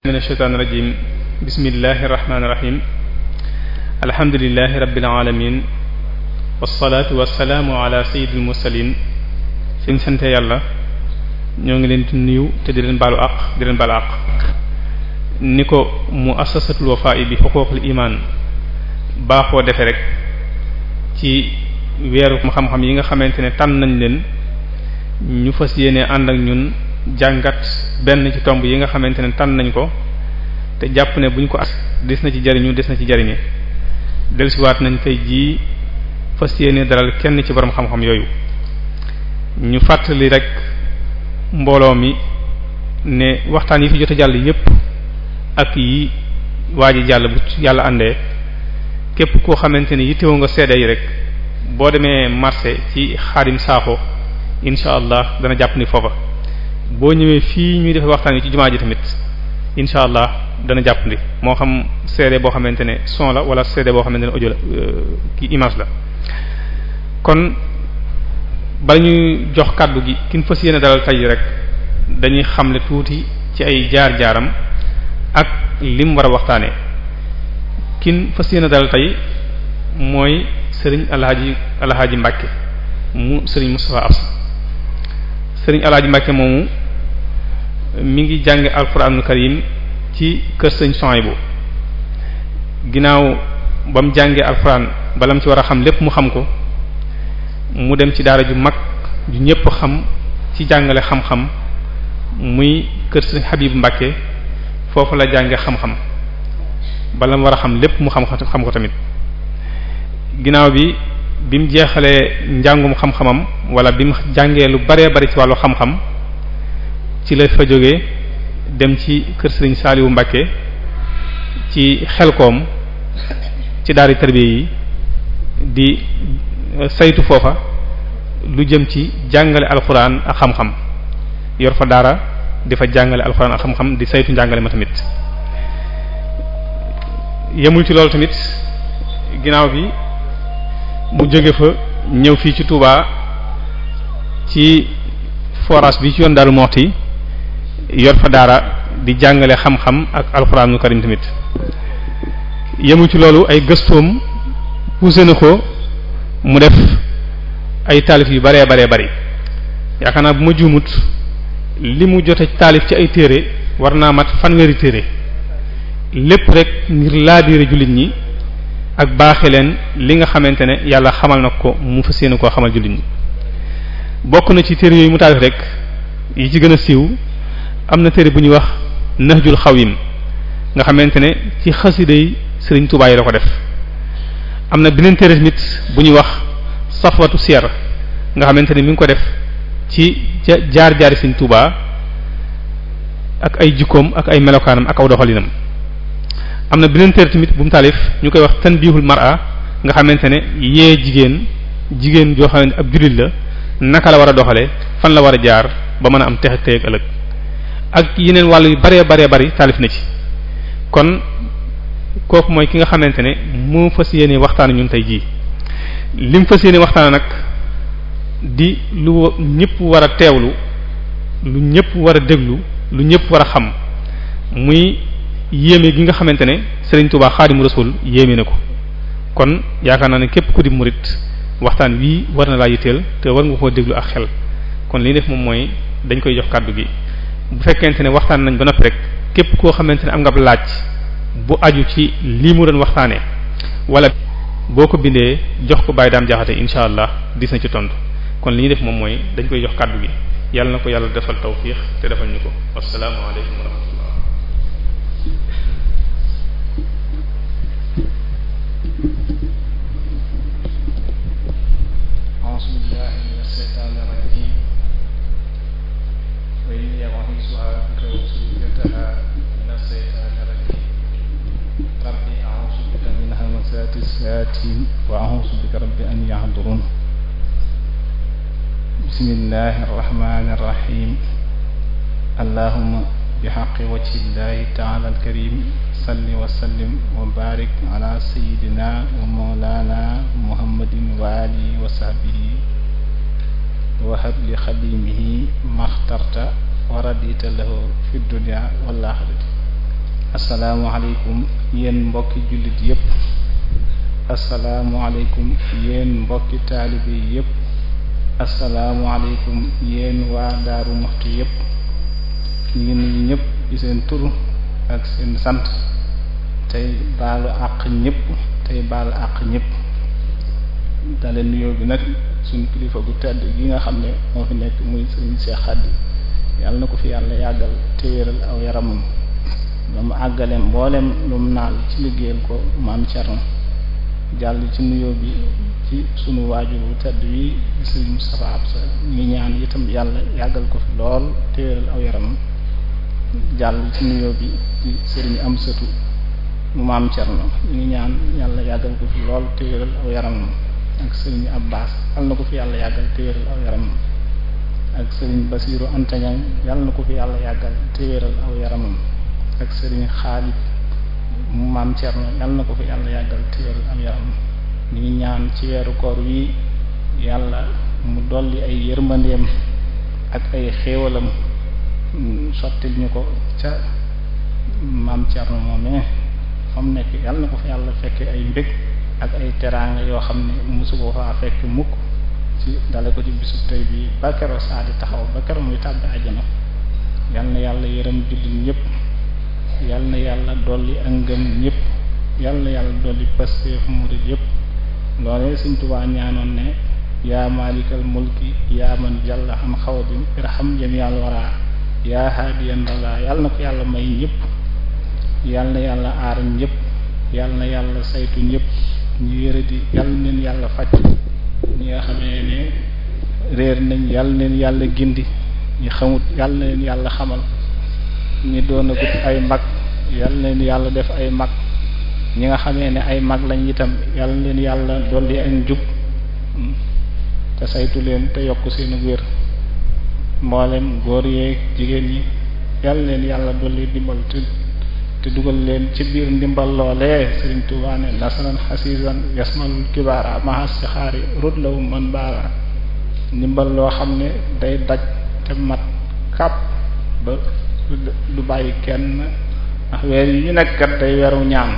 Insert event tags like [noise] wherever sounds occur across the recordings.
min asheytaan irajim bismillahi irrahmani irahim alhamdulilahi rabbil alamin wasalaatu wasalaamu ala sayyidil mursalin yàlla ñoo ngi leen di te di leen baalu àq ni ko muassasatul wafaa'i bi xuquuqul imaan baaxoo defe rek ci weeru xam-xam yi nga xamante ne tànn nañ leen ñu fas yéene ànd ak ñun jàngat benn ci tomb yi nga xamante ne tànn nañ ko te jàpp ne buñ ko ak des na ci jariñu des na ci jariñe dellusiwaat nañ tey jii fas yéene dalal kenn ci borom xam-xam yooyu ñu fàttali rek mbooloo mi ne waxtaan yi fi jot a jàll yépp ak yi waa ji jàll bu yàlla àndee képp koo xamante ne yittewoo nga sedda yi rek boo demee marché ci xaarim saaxo incha allah dana jàpp ni foofa boo ñëwee fii ñuy defee waxtaan yi ci jumaa ji tamit incha allah dana jàppandi moo xam CD boo xamante ne son la wala CD boo xamante ne audio la euh, ki image la kon ba ñu jox kàddu gi kin fas yéene dalal tay rek dañuy xamle tuuti ci ay jaar-jaaram ak lim war a waxtaanee kin fas yéene dalal tey mooy sëriñ alhaaji alhaaji Mbàkke mu sëriñ Moustapha Absa sëriñ alhaaji Mbàkke moomu mi ngi jàng alxuraanul karim ci kër sëñ Sohaybu ginnaaw ba mu jàngee alxuraan bala mu ci war a xam lépp mu xam ko mu dem ci daara ju mag ju ñépp xam ci jàngale xam-xam muy kër sëñ Habib Mbacke foofu la jàngee xam-xam bala mu war a xam lépp mu xam xam ko tamit ginnaaw bi bi mu jeexalee njàngum xam-xamam wala bi mu jàngee lu baree bari ci wàllu xam-xam. ci la fa jógee dem ci kër Serigne Saliou Mbacké ci xelkoom ci daari tarbiya yi di euh, saytu foofa lu jëm ci jàngale alxuraan ak xam-xam yor fa daara di fa jàngale alxuraan ak xam-xam di saytu njàngale ma tamit yemul ci loolu tamit ginnaaw bi mu jóge fa ñëw fii ci Touba ci forage bi ci yoon Darou Moukhty yor fa daara di jàngale xam-xam ak alxuraanul karim tamit yemu ci loolu ay gëstoom poussé na ko mu def ay taalif yu baree baree bari yaakaar naa bu ma juumut li mu jote taalif ci ay téere war naa mat fanweeri téere lépp rek ngir laabiire jullit ñi ak baaxe leen li nga xamante ne yàlla xamal na ko mu fas yéene koo xamal jullit ñi bokk na ci téere yooyu mu taalif rek yi ci gën a siiw am na téere bu ñuy wax nax xaw Xawim nga xamante ne ci xasida Sëriñ Tuubaa yi la ko def am na beneen téere nit bu ñuy wax Safwatu Siyar nga xamante ne mi ngi ko def ci jaar jaari Sëriñ Tuubaa ak ay jikkoom ak ay melokaanam ak aw doxalinam am na beneen téere tamit bu mu taalif ñu koy wax Tanbihul Mar'a nga xamante ne yee jigéen jigéen joo xamante ab jullit la naka la war a doxale fan la war a jaar ba mën a am texe tey ëllëg ak yeneen wàll yu baree baree bari taalif na ci kon kooku mooy ki nga xamante ne moo fas yéene waxtaan ñun tey jii li mu fas yéene waxtaan nag di lu ñëpp war a teewlu lu ñëpp war a déglu lu ñëpp war a xam muy yéeme gi nga xamante ne Serigne Touba Xaadimu Rasuul yéeme na ko kon yaakaar naa ne képp ku di murit waxtaan wii war na laa yitteel te war nga koo déglu ak xel kon li def moom mooy dañ koy jox kàddu gi. bu fekkente ne waxtaan nañ ba noppi rek képp koo xamante ne am nga laaj bu aju ci lii mu doon waxtaanee walla boo ko bindee jox ko bàyyi daam jaxate incha allah dis na ci tontu kon li ñuy def moom mooy dañ koy jox kàddu gi yàlla na ko yàlla defal tawfiix te defal ñu ko asalaamaaleykum wa rahmatullah منتهى من الشيطان الرجيم ربي أعوذ بك من همزات الشياطين وأعوذ بك رب أن يحضرون بسم الله الرحمن الرحيم اللهم بحق وجه الله تعالى الكريم صل وسلم وبارك على سيدنا ومولانا محمد وآله وصحبه وهب لخديمه ما اخترت wa radita lahu fi dunya wal axirati asalaamualeykum yéen mbokki jullit yépp asalaamualeykum yéen mbokki taalibe yépp asalaamualeykum yéen waa daaru muxti yépp ñu ngi nuyu ñépp ci seen tur ak seen sant tey baalu àq ñépp tey baalu àq ñépp daleen nuyoo bi nag suñ kilifa gu tedd gi nga xam ne moo fi nekk muy sëriñ yi yàlla na ko fi yàlla yàggal te aw yaramam ba mu àggale mboolem lu mu naal ci liggéeyal ko maam cerna jàll ci nuyoo bi ci sunu waajuru tedd yi Sëriñ Moustapha Absa ngi ñaan itam yàlla yàggal ko fi lool te aw yaramam jàll ci nuyoo bi ci Sëriñ Amsatu mu maam Thierno ngi ñaan yàlla yàggal ko fi lool te wéral aw yaramam ak Sëriñ na ko fi yàlla yàggal te wéral aw yaramam ak sëriñ Basiiru Anta Ñaŋ yàlla na ko fi yàlla yàggal te wéral aw yaramam ak sëriñ Xaalid maam Cerno yàlla na ko fi yàlla yàggal te wéral yaramam ñu ngi ñaan ci weeru koor wi yàlla mu dolli ay yërmandeem ak ay xéewalam sottil ñu ko ca maam Cerno moomee fa mu nekk yàlla na ko fi yàlla fekke ay mbég ak ay teraanga yoo xam ne mosu ko faa fekk mukk ci dale ko ci bisub tey bi ba keroog saa di taxaw ba keroog muy tàbbi àjjana yal na yàlla yërëm jullit ñëpp yal na yàlla dolli ak ngëm ñëpp yàlla dolli pasteef murid yëpp loole Sëriñ Tuubaa ñaanoon ne yaa maalikal mulki yaa man jàlla xam xaw bi irham yàlla waraa yaa na ko yàlla may ñëpp yal yàlla aar ñëpp yal na yàlla saytu ñëpp ñu yëre di yal yàlla fàcc ñi nga xamee ne réer nañ yàlla leen yàlla gindi ñi xamut yàlla leen yàlla xamal ñi doon agut ay mag yàlla na leen yàlla def ay mag ñi nga xamee ne ay mag lañ itam yàlla leen yàlla dolli ak njub te saytu leen te yokk seen wér mboolem góor yeeg jigéen ñi yàlla na leen yàlla dolli dimbal te te dugal leen ci biir ndimbal loolee Sëriñ Tuubaa ne nasaran xasiisan yasmalul kibaara mahas si xaari rut mën baara ndimbal loo xam ne day daj te mat kàpp ba du bàyyi kenn ndax weer yi ñu nekk day weeru ñaan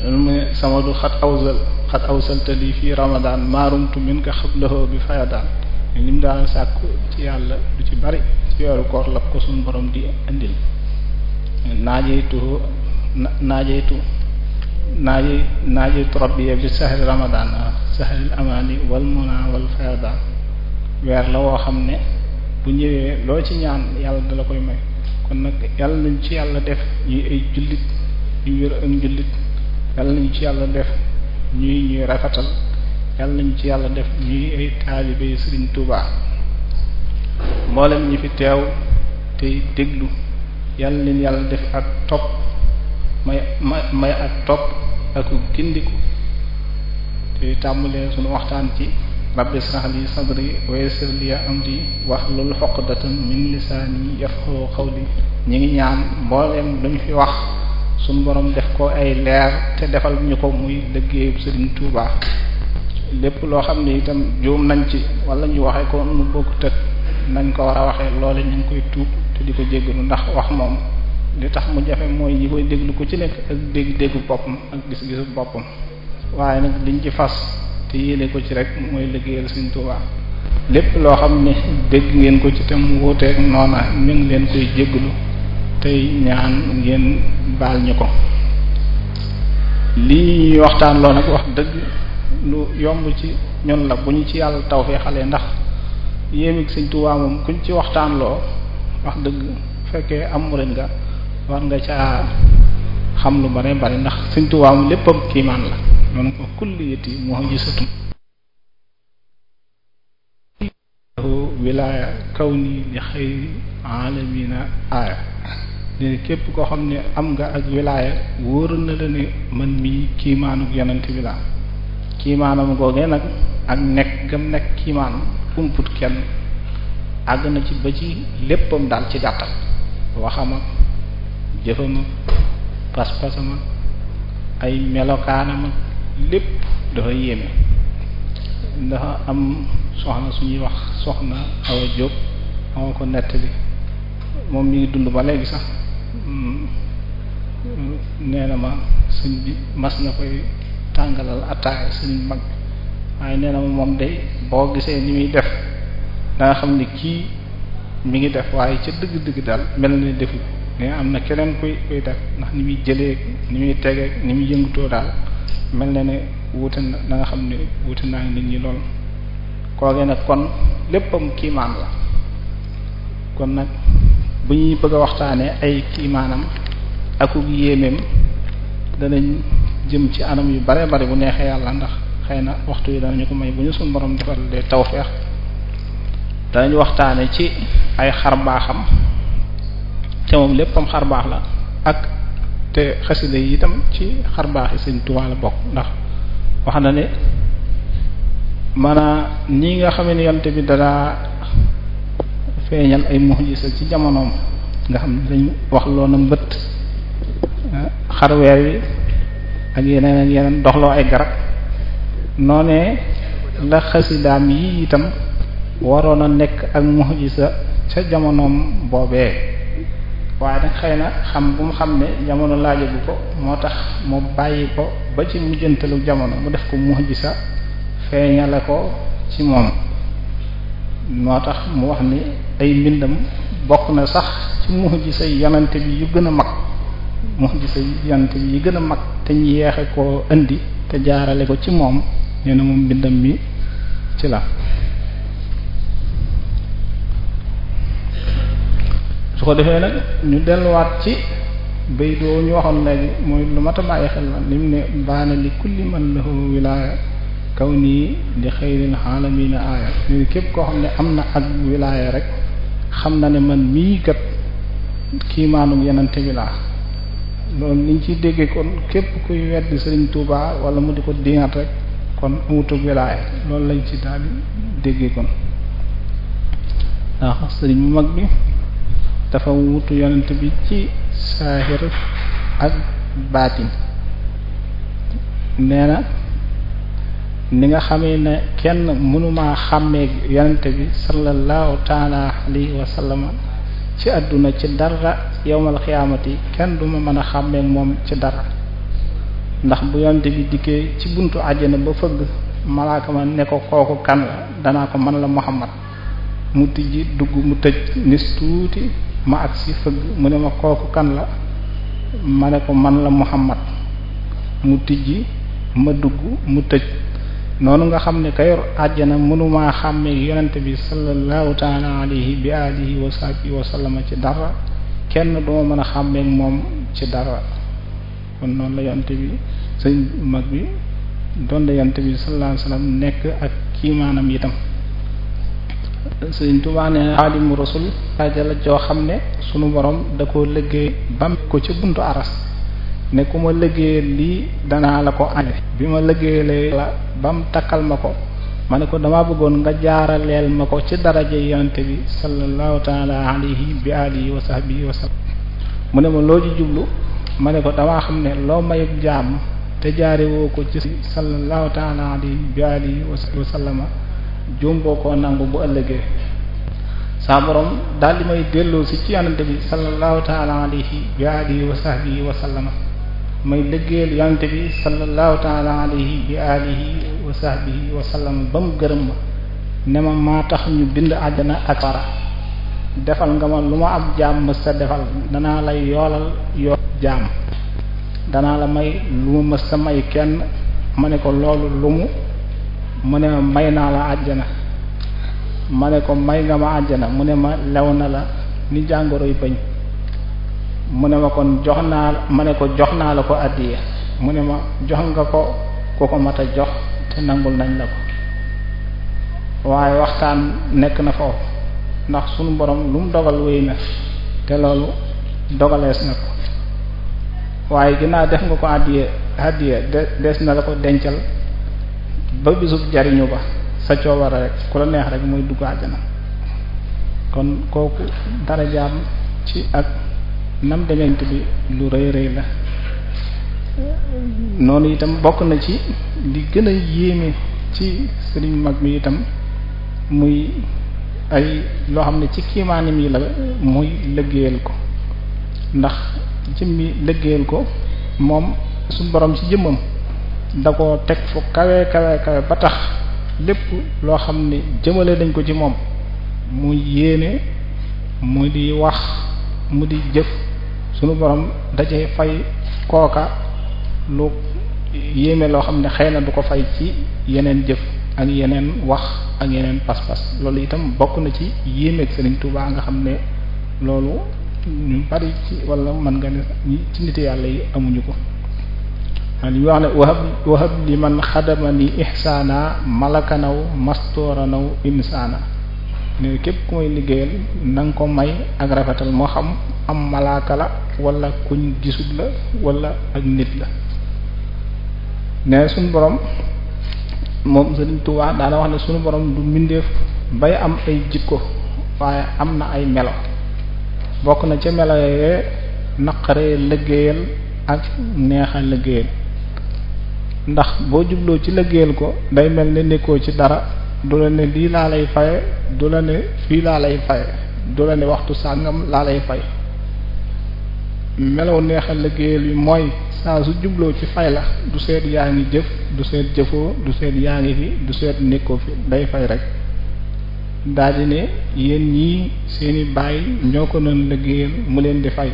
loolu mu ne sama du xat awsal xat awsal te lii fii ramadaan maarumtu min ka xablahoo bi fayadaan lim daan sàkku ci yàlla du ci bari ci weeru koor la ko suñu boroom di indil naajaytuhu naajaytu naajay naajaytu rabbi bi sahri ramadan sahril amani wal muna wal fayda weer la woo xam ne bu ñëwee loo ci ñaan yàlla dala koy may kon nag yàlla nañ ci yàlla def ñuy ay ñu nañ ci yàlla def ñuy ñuy rafetal yàlla nañ ci yàlla def ñuy ay taalibe Sëriñ Tuubaa mboolem ñi fi teew tey déglu yàlla na yàlla def ak topp may may ak topp ak gindiku te tàmbalee sunu waxtaan ci rabbi am di wax wa yassir li amri wahlul uqdatan min lisaani yafqahu qawli ñu ngi ñaan mbooleem lu ñu fi wax sunu boroom def ko ay leer te defal ñu ko muy liggéeyu Serigne Touba lépp loo xam ne itam juum nañ ci walla ñu waxee ko nu bokk tëg nañ ko war a waxee loole ñu ngi koy tuub di ko jéggalu ndax wax moom li tax mu jafe mooy yi koy déglu ko ci nekk ak dégg-déggu boppam ak gis-gisu boppam waaye nag liñ ci fas te yéene ko ci rek mooy liggéeyal Sëriñ Tuubaa lépp loo xam ne dégg ngeen ko ci te mu wuuteeg noona ñu ngi leen koy jéggalu tey ñaan ngeen baal ñu ko lii waxtaan loo nag wax dëgg lu yomb ci ñun la bu ñu ci yàlla tawfeexalee ndax yéemig Sëriñ Tuubaa moom kuñ ci waxtaan loo wax dëgg fekkee am murid nga war nga ca xam lu bare bari ndax Sëriñ Tuubaa mu léppam kiimaan la noonu ko kulliyati mu'jizatun aaya léegi képp koo xam ne am nga ak wilaaya wóor na la ne man mii kiimaanuk yonent bi laa kiimaanam googee nag ak nekk gam nekk kiimaan kumput kenn àgg na ci ba ci léppam daal ci gàttal waxama jëfama pas ay melokaanama lépp dafa yéeme dafa am soxna suñuy wax soxna Awa jóg ama ko nettali moom mi ngi dund ba léegi sax nee na ma suñ bi mas na koy tàngalal attaaya suñu mag waaye nee ma moom day boo gisee ni muy def da xam ne kii mu ngi def waaye ca dëgg-dëgg daal mel na ni deful am na keneen kuy kuy def ndax ni muy jëlee ni muy tegee ni muy yëngutoo daal mel na ne wuute na da nga xam ne wuute naa nit ñi lool koogee nag kon léppam kiimaan la kon nag bu ñuy bëgg a waxtaanee ay kiimaanam akuk yéemeem danañ jëm ci anam yu bare bare bu neexee yàlla ndax xëy na waxtu yi danañu ko may bu ñu suñu borom defal de tawfeex danañ waxtaane ci ay xar baaxam te moom léppam xar baax la ak te xasida yi itam ci xar baax yi bokk ndax wax na ne maanaam nii nga xamee ni yonte bi danaa feeñal ay muxjisa ci jamonoom nga xam ne dañ wax loona mbëtt ah, xarweer yi ak yeneen ak yeneen doxloo ay garab noonee la xasidaam yi itam waroon a nekk ak mu'jiza ca jamonoom boobee waaye nag xëy na xam bu mu xam ne jamono laajagu ko moo tax mu bàyyi ko ba ci mujjantalu jamono mu def ko sa feeñale ko ci moom moo tax mu wax ni ay mbindam bokk na sax ci mu'jiza yi yonante bi yu gën a mag mu'jiza yi yonante bi yu gën a mag te ñu yeexe koo indi te jaarale ko ci moom nee na moom mbindam mi ci la su ko defee nag ñu delluwaat ci bay doo ñu waxoon léegi mooy lu mat a bàyyi xel la lim ne baana li kulli man lahu wilaaya kaw nii li xayril aalamina aaya ñu képp koo xam ne am na ak wilaaya rek xam na ne man mii kat kiimaanum yenante bi laa loolu liñ ciy déggee kon Sëriñ Tuubaa wala mu di ko rek kon amutug wilaaya loolu lañ ci daal di déggee kon ndax sëriñ bu mag bi dafa wutu yonent bi ci saahir ak baatin nee na ni nga xamee ne kenn mënumaa xàmmee yonent bi sallallahu taala alayhi wa sallam ci àdduna ci dara yowmal xiyaamati kenn duma mën a xàmmee moom ci dara ndax bu yonent bi dikkee ci buntu àjjana ba fëgg malaaka ma ne ko kooku kan la danaa ko man la Muhammad mu tijji dugg mu tëj nis tuuti ma ak si fëgg mu ne ma kooku kan la ma ne ko man la Muhammad mu tijji ma dugg mu tëj noonu nga xam ne kayor àjjana mënuma xàmmee yonente bi sallallahu taala alayhi bi alihi wa sahbihi ci dara kenn duma mën a xàmmeek moom ci dara kon noonu la yonente bi sëñ mag bi doon la yonente bi sallallahu alayhi nekk ak kiimaanam itam Sëriñ Tuubaa nee Rasul daraja la joo xam ne sunu borom da koo liggéey bam ko ci buntu aras ne ku ma liggéeyal lii danaa la ko añe bi ma liggéeyalee la bam takkal ma ko ma ne ko dama bëggoon nga jaaraleel ma ko ci daraja yonte bi sallallahu taala alayhi bi alihi wa sahbihi mu ne ma loo ji jublu ma ne ko dama xam ne loo mayub jaam te jaarewoo ko ci sallallahu taala alayhi bi alihi wa juum ko nangu bu ëllëgee saa borom daal may delloo si ci yonante bi sallallahu taala alayhi wa alihi wa may lëggeel yonante bi sallallahu taala alayhi wa alihi wa sahbihi wa ba mu gërëm ma ne ma maa tax ñu bind àjjana ak sara defal nga ma lu ma ab jaam mës sa defal danaa lay yoolal yool jaam danaa la may lu ma mës sa may kenn ma ne ko loolu lu mu mu ne ma may naa la àjjana ma ne ko may nga ma àjjana mu ne ma lew na la ni jàngoro jàngoroy bañ mu ne ma kon jox naa ma ne ko jox naa la ko àddiya mu ne ma jox nga ko ku ko mat a jox te nangul nañ la ko waaye waxtaan nekk na foofu ndax sunu borom lu mu dogal wéy na te loolu dogalees na ko waaye ginnaaw def nga ko àddiya àddiya de des na la ko dencal ba bisub jariñu ba sa coobara rek ku la neex rek muy dugg àjjana kon kooku dara darajaam ci ak nam dementi bi lu rëy rëy la noonu itam bokk na ci li gën a yéeme ci sëriñ mag mi itam muy ay loo xam ne ci kiimaanim yi la muy lëggéeyal ko ndax jëmmi lëggéeyal ko moom suñu borom ci jëmmam da ko teg fu kawe kawe kawe ba tax lépp loo xam ne jëmale nañ ko ci moom mu yéene mu di wax mu di jëf sunu borom dajee fay kooka lu yéeme loo xam ne xëy na du ko fay ci yeneen jëf ak yeneen wax ak yeneen pas-pas loolu itam bokk na ci yéemeeg Serigne Touba nga xam ne loolu ñu bari ci wala mën nga ne ci nit yàlla yi amuñu ko li wax ne wahab wahab li man xadamani ihsaana malakanaw mastooranaw insaana ne képp ku may liggéeyal na ko may ak rafetal moo xam am malaaka la wala kuñ gisul la walla ak nit la ne suñu borom moom Sëriñ Tuubaa daana wax ne suñu borom du mbindeef bay am ay jikko waaye am na ay melo bokk na ca melo yee naqaree liggéeyal ak neexa liggéeyal ndax boo jubloo ci lëggéeyal ko day mel ne nekkoo ci dara du la ne lii laa lay faye du la ne fii laa lay faye du la ne waxtu sàngam laa lay fay melaw neexal lëggéeyal yi mooy saa su jubloo ci fay la du seet yaa ngi jëf du seet jëfoo du seet yaa ngi fi du seet nekkoo fi day fay rek daldi ne yéen ñii seeni baay ñoo ko doon lëggéeyal mu leen di fay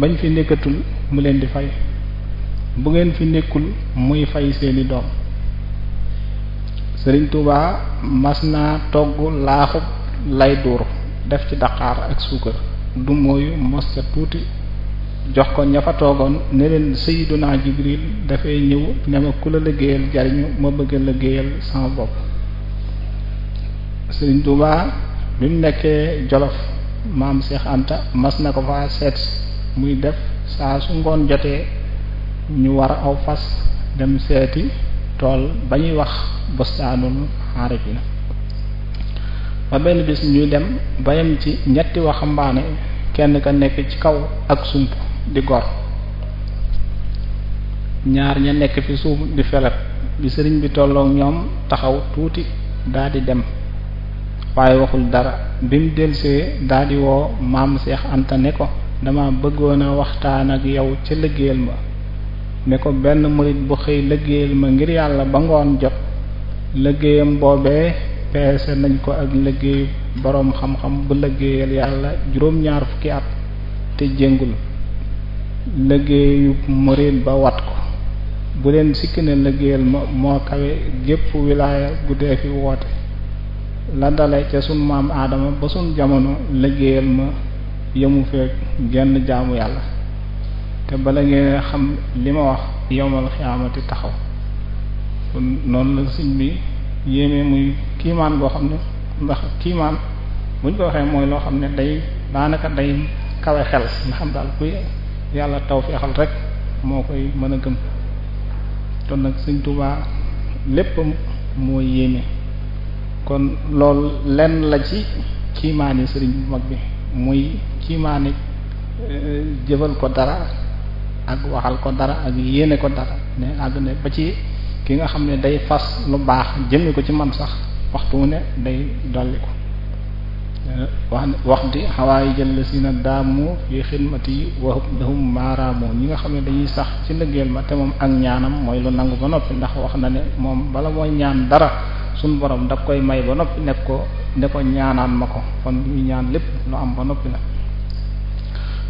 bañ fi nekkatul mu leen di fay bu ngeen fi nekkul muy fay seeni doom Sëriñ Tuubaa mas naa togg laaxub lay duur def ci daqaar ak suukar du mooyu mos sa tuuti jox ko ña fa toogoon ne leen Sayyiduna Jibril dafay ñëw ne ma ku la liggéeyal jariñu ma bëgg a liggéeyal sama bopp Sëriñ Tuubaa bi nekkee Jolof maam Cheikh mas na ko fa seet muy def saa su ngoon jotee ñu war aw fas dem seeti tool ba ñuy wax bustaanul xaarifina ba benn bis ñuy dem bayam ci ñetti waxambaane kenn ka nekk ci kaw ak sump di gor ñaar ña nekk fi suuf di felet bi sëriñ bi tollook ñoom taxaw tuuti daldi dem waaye waxul dara bi mu delsee daldi woo maam seex Anta ne ko dama bëggoon a waxtaan ak yow ca liggéeyal ma ne ko benn murit bu xëy liggéeyal ma ngir yàlla ba ngoon jot liggéeyam boobee peese nañ ko ak liggéey boroom xam-xam bu liggéeyal yàlla juróom-ñaar fukki at te jéngul liggéeyu murit ba wat ko bu leen sikki ne ma moo kawe gépp wilaaya bu fi woote la ca sun maam aadama ba sun jamono liggéeyal ma yemu feek genn jaamu yàlla te bala ngeen xam li ma wax yowmal xiyaamati taxaw kon noonu la suñ bi yéeme muy kiimaan boo xam ne ndax kiimaan buñ ko waxee mooy loo xam ne day daanaka nday kawe xel nga xam daal kuy yàlla taw feexal rek moo koy mën a gëm ton nag suñ tubaa lépp moo yéeme kon loolu lenn la ci kiimaan yi sëriñ bu mag bi muy kiimaani eh, jëfal ko dara ak waxal ko dara ak yéene ko dara ne àgg ne ba ci ki nga xam ne day fas lu baax jëme ko ci man sax waxtu wu ne day dolli ko wax wax di xawaayi jël si na daamu fi xidmati yi waxub lahum ñi nga xam ne dañuy sax ci ndëggeel ma te moom ak ñaanam mooy lu nangu ba noppi ndax wax na ne moom bala mooy ñaan dara suñ boroom daf koy may ba noppi nekk ko ne ko ñaanaan ma ko kon ñuy ñaan lépp lu am ba noppi la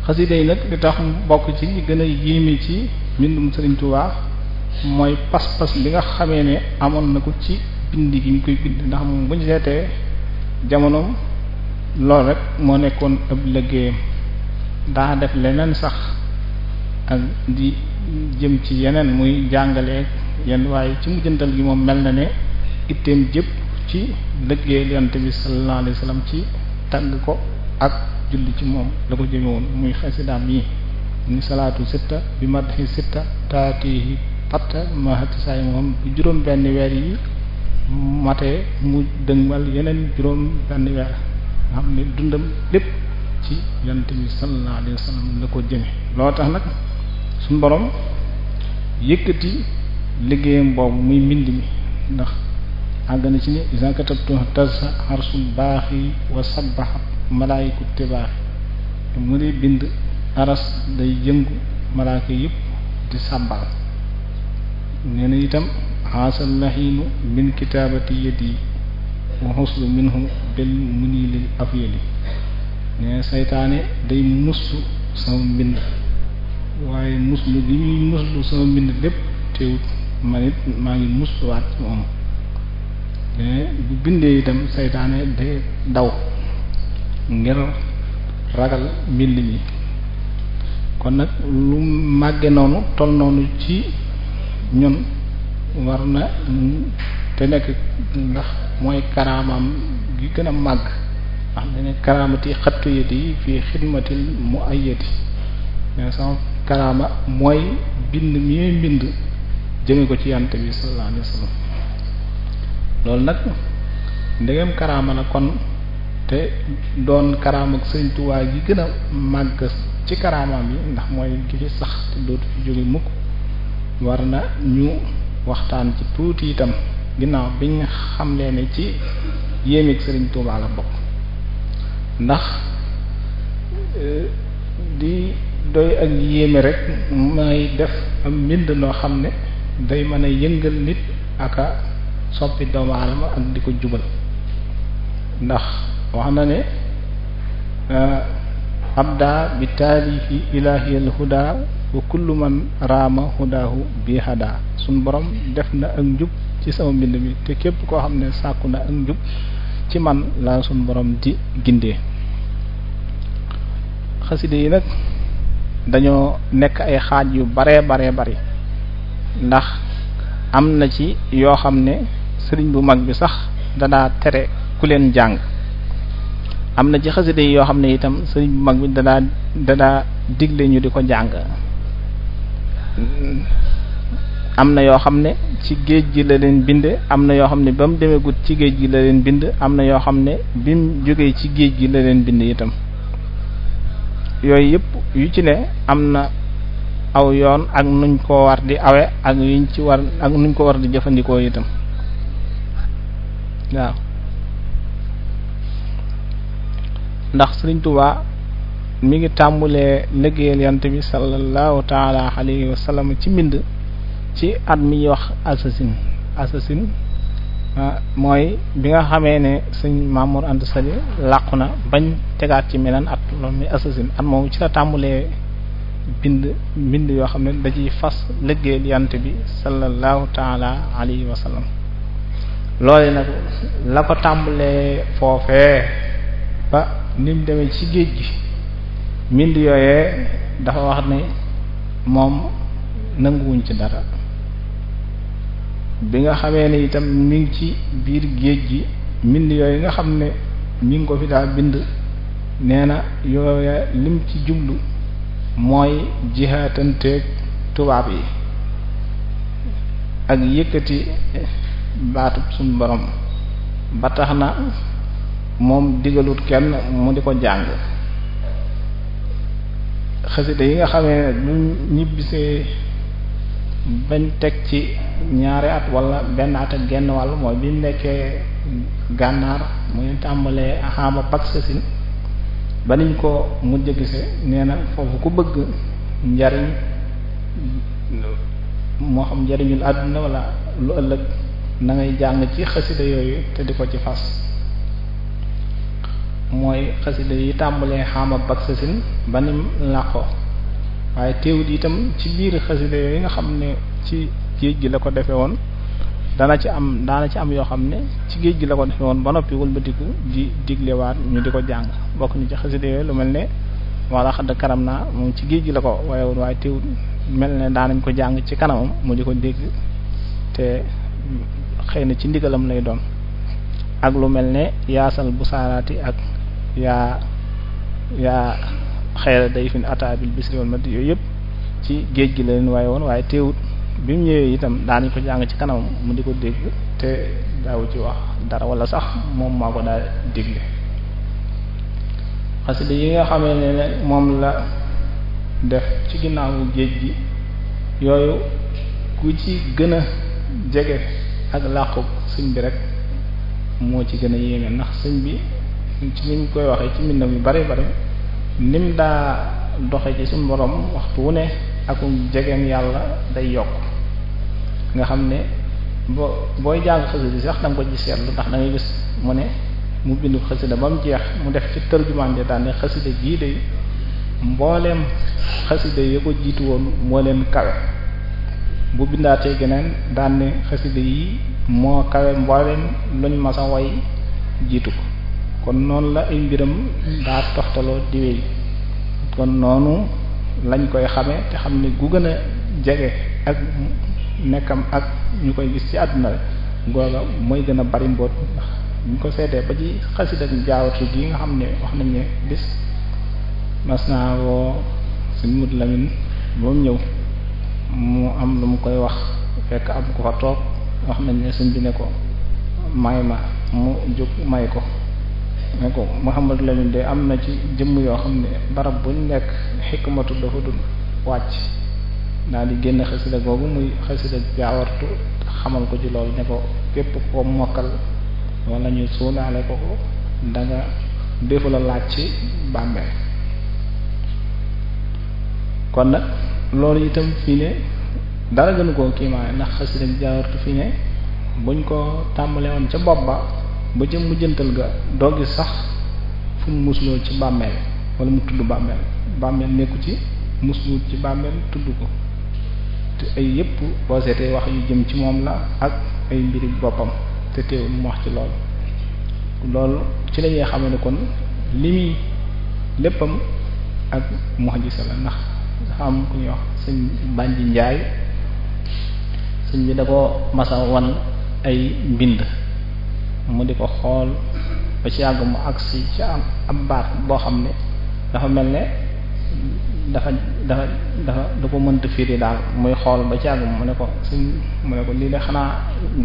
xasida yi nag li tax bokk ci gën a yéeme ci mbindum Sëriñ Tuubaa mooy pas-pas bi nga xamee ne amoon na ko ci bind gi ñu koy bind ndax moom bu ñu seetee jamono loolu rek moo nekkoon ab liggéeyam daa def leneen sax ak di jëm ci yeneen muy jàngale yenn waaye ci mujjantal gi moom mel na ne itteem jëpp ci liggéeyal Yonent bi sallallahu alayhi wasallam ci tagg ko ak julli ci moom la ko jëme woon muy xasidaam yi ni salaatu sitta bi madhi sitta taatihi patta mahati saay moom bi juróom benn weer yi matee mu dëgmal yeneen juróom benn weer nga xam ne dundam lépp ci yonent bi sallallahu alayhi la ko jëme loo tax nag suñu borom yëkkati liggéeyam boobu muy mbind mi ndax àgg na ci ni isan katabtu tasa arsul baaxi wa sabaha malaayiku tibaax mu di bind aras day yëngu malaaka yëpp di sàmbal nee itam xaasal laxiinu min kitaabati yadi wa xuslu minhu seytaane day muslu sama mbind waaye bi ñuy muslu sama mbind lépp teewut man it maa ngi musluwaat moom mais bu bindee itam seytaane day daw ngir ragal mbind mi kon nag lu màgge noonu toll noonu ci ñun war na te nekk ndax mooy karaamam gi gën a màgg wax dane karaamati xattu yët fii xidmatil mu ay yët yi sama karaama mooy bind mi muy bind jëme ko ci yante bi sallallahu alayhi wasallam loolu nag ndegem karaama la kon te doon karaam ak Tuubaa gi gën a màgg ci karaamam yi ndax mooy ki sax te dootu fi jóge mukk war na ñu waxtaan ci tuuti itam ginnaaw biñ xamlee ne ci yéemeeg sëriñ Tuubaa la bokk ndax e, di doy ak yéeme rek may def am mbind noo xam ne day mën a yëngal nit aka soppi doomu aadama ak di ko jubal ndax wax na ne eh, abda bi taalifi ilahi al huda wa kullu man raama hudahu bi hada suñ borom def na ak njub ci sama mbind mi te képp koo xam ne sàkku na ak njub ci man laa suñ borom di gindee xaside yi nag dañoo nekk ay xaaj yu baree baree bari ndax am na ci yoo xam ne sëriñ bu mag bi sax danaa tere ku leen jàng am na ci xasida yi yoo xam ne itam sëriñ bu mag bi dadaa dadaa digle ñu di ko jàng am na yoo xam ne ci géej gi la leen bind am na yoo xam ne ba mu ci géej gi la bind am na yoo xam ne bi mu jógee ci géej gi la leen bind itam yooyu yëpp yu ci ne am na aw yoon ak nuñ ko war di awe ak yuñ ak nuñ ko war di jëfandikoo itam waaw ndax Sëriñ Tuubaa mi ngi tàmbulee liggéeyal yant bi sallallahu taala alayhi wa ci mbind ci at mi ñuy wax assasine assasine ah, mooy bi nga xamee ne sëñ Mamour Anta Sali làqu na bañ tegaat ci meneen at at moom ci sa tàmbulee bind mbind yoo xam ne da fas liggéeyal yant bi sallallahu taala alayhi wa sallam nag la ko tàmbulee foofee ni mu ci géej gi mbind yooyee dafa wax ni moom nanguwuñ ci dara bi nga xamee ne itam mi ci biir géej gi mbind yooyu nga xam ne mi ngi ko fi daa bind nee na yooya lim ci jublu mooy jihaatanteeg tubaab yi ak yëkkati baatu suñu borom ba tax na moom digalut kenn mu di ko jàng xasida yi nga xamee ne ñibbisee bañ teg ci ñaari at wala benn at ak genn wàll mooy bi nekkee gànnaar mu ngi tàmbalee xaama pak sasin ba niñ ko mu gise nee na foofu ku bëgg njariñ moo xam njariñul àdduna wala lu ëllëg na ngay jàng ci xasida yooyu te di ko ci fas mooy xasida yi tàmbalee xaama baksasin banim làqoo waaye teewut itam ci biir xasida yooyu nga xam ne ci géej gi la ko defee woon dana ci am daana ci am yoo xam ne ci géej gi la ko ba noppi wëlbatiku di diglewaat ñu di ko jàng bokk ñu ci xasida yooyu lu mel ne wala xadd karam naa moom ci géej gi la ko waaye waaye teewut mel ne daanañ ko jàng ci kanamam mu di ko dégg te xëy na ci ndigalam lay doon ak lu mel ne yaasal bu saaraati ak yaa yaa xayra day fin ata bil bisri wal maddi yooyu yëpp ci géej gi la leen waaye woon waaye teewut bi mu ñëwee itam daanañ ko jàng ci kanam mu di ko dégg te daawu ci wax dara wala sax moom maa ko daa dégle xasida yi nga xamee ne moom la def ci ginnaawu géej gi yooyu ku ci gën a jege ak làqu sëñ bi rek moo ci gën a yéeme ndax sëñ bi ci ni ñu koy waxee ci mbindam yu bari bari nim daa doxe ci suñu borom waxtu wu ne akum jegeem yàlla day yokk nga xam ne boo booy jàng xasida sax da ko ci seetlu ndax da ngay gis mu ne mu bindu xasida ba mu jeex mu def ci tërjumaan de daal ne xasida jii de mbooleem xasida yi ko jiitu woon moo leen kawe bu bindaatee geneen daan ne xasida yi moo kawe mbooleem luñ masa woy jiitu ko kon noonu la ay mbiram daa toxtaloo kon noonu lañ koy xame te xam ne gu gën a jege ak nekkam ak ñu koy gis ci àdduna googa mooy gën a bari mboot ndax ko seddee ba ci xasida ak jaawatu gi nga xam ne wax nañ ne gis mas naa woo suñ mut lamin moom ñëw mu am lu mu koy wax fekk am ku fa toog wax nañ ne suñ bi ne ko may ma mu jóg may ko ne ko Mouhamadou Lamine de am na ci jëmm yoo xam ne barab buñ nekk xikmatu dafa dund wàcc daal di génn xasida googu muy xasida jaawartu xamal ko ci loolu ne ko képp ko mokkal wala ñu suunaale ko ko danga nga laaj ci bàmmeel kon nag loolu itam fii ne dara gënu koo kiimaane ndax xasida jaawartu fii ne buñ ko tàmbale woon ca bopp ba ba jëm mujjantal ga doo sax fu mu musloo ci bàmmeel wala mu tudd bàmmeel bàmmeel nekku ci muslu ci bàmmeel tudd ko te ay yépp boo seetee wax yu jëm ci moom la ak ay mbiri boppam te teewul mu wax ci lool lool ci lañuy xamee ne kon li muy léppam ak muhajisa la ndax xam ku ñuy wax sëñ bànji njaay sëñ bi da ko masa ay mbind mu di ko xool ba ci yàgg mu agsi ci am ab baat boo xam ne dafa mel ne dafa dafa dafa du ko mënta firi daal muy xool ba ci yàgg mu ne ko suñ mu ne ko lii de xanaa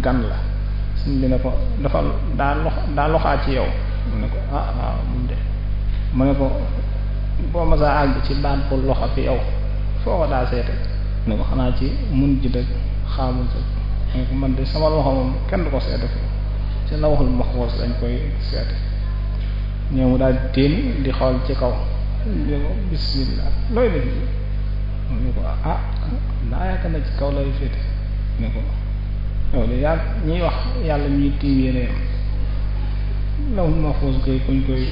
gan la suñ bi ne ko dafa daa lox daa loxaa ci yow mu ne ko ah waaw mun de mu ne ko boo masaa àgg ci baat bu loxo fi yow foo ko daa seete mu ne ko xanaa ci mun ji dëkk xaamul sa mu ne ko man de sama loxo moom kenn du ko seete ca lawhul mahfuz lañ koy seete ñoo daal téen di xool ci kaw ñu ko bismillah looy def ñu ko ah naa yaakaar ci kaw lay féete ne ko loolu yaa ñuy wax yàlla ñuy tiim yéene yam lawhul mahfuz koy kuñ koy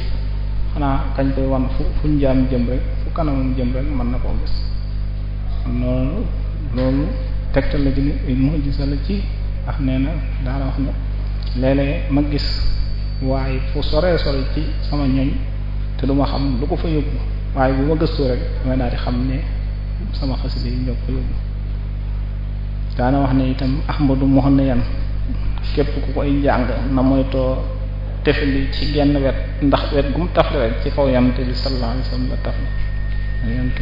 xanaa kañ koy wan fu fu njaam jëm rek fu kanamam jëm rek mën na koo gis noonu loolu tegtal la ci ne mujiza la ci ndax nee na daana wax na léeg-léeg ma gis waaye fu soree sore ci sama ñoñ te du ma xam lu ko fa yóbbu waaye bu ma gëstu rek damay daal di xam ne sama xasida daana wax ne itam ahmadu moo xam ne yan képp ku na moytoo tefli ci genn ndax wet gu mu tafli ci kaw yonent bi sallallahu alayhi wasallam la tafli yonent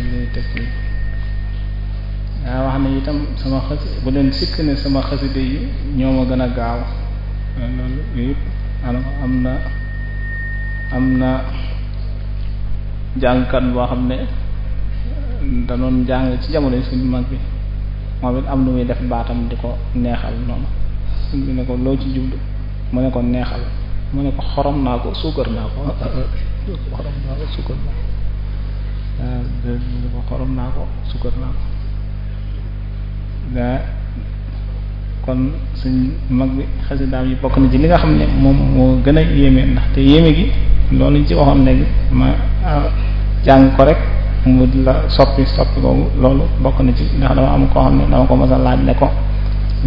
bi sama xasi ne sama xasida yi ñoo ma gën a gaaw loolu am na am na jàngkat boo xam ne euh, danoon jàng ci jamono suñu mag bi moom it am nu muy def baatam di ko neexal noonu suñ ne ko loo ci jublu mu ne ko neexal mu ne ko xorom naa ko suukar naa ko ah, ah, ah. xorom naa naa ko waaw mu ne ko xorom naa ko suukar naa ko kon suñ mag bi xasidaam yi bokk na ci li nga xam ne moom moo gën a yéeme te yéeme gi loolu ñu ci waxoon léegi ma ah, jàng ko rek mu la soppi soppi boobu loolu bokk na ci ndax dama am koo xam ne dama ko mos a laaj ne ko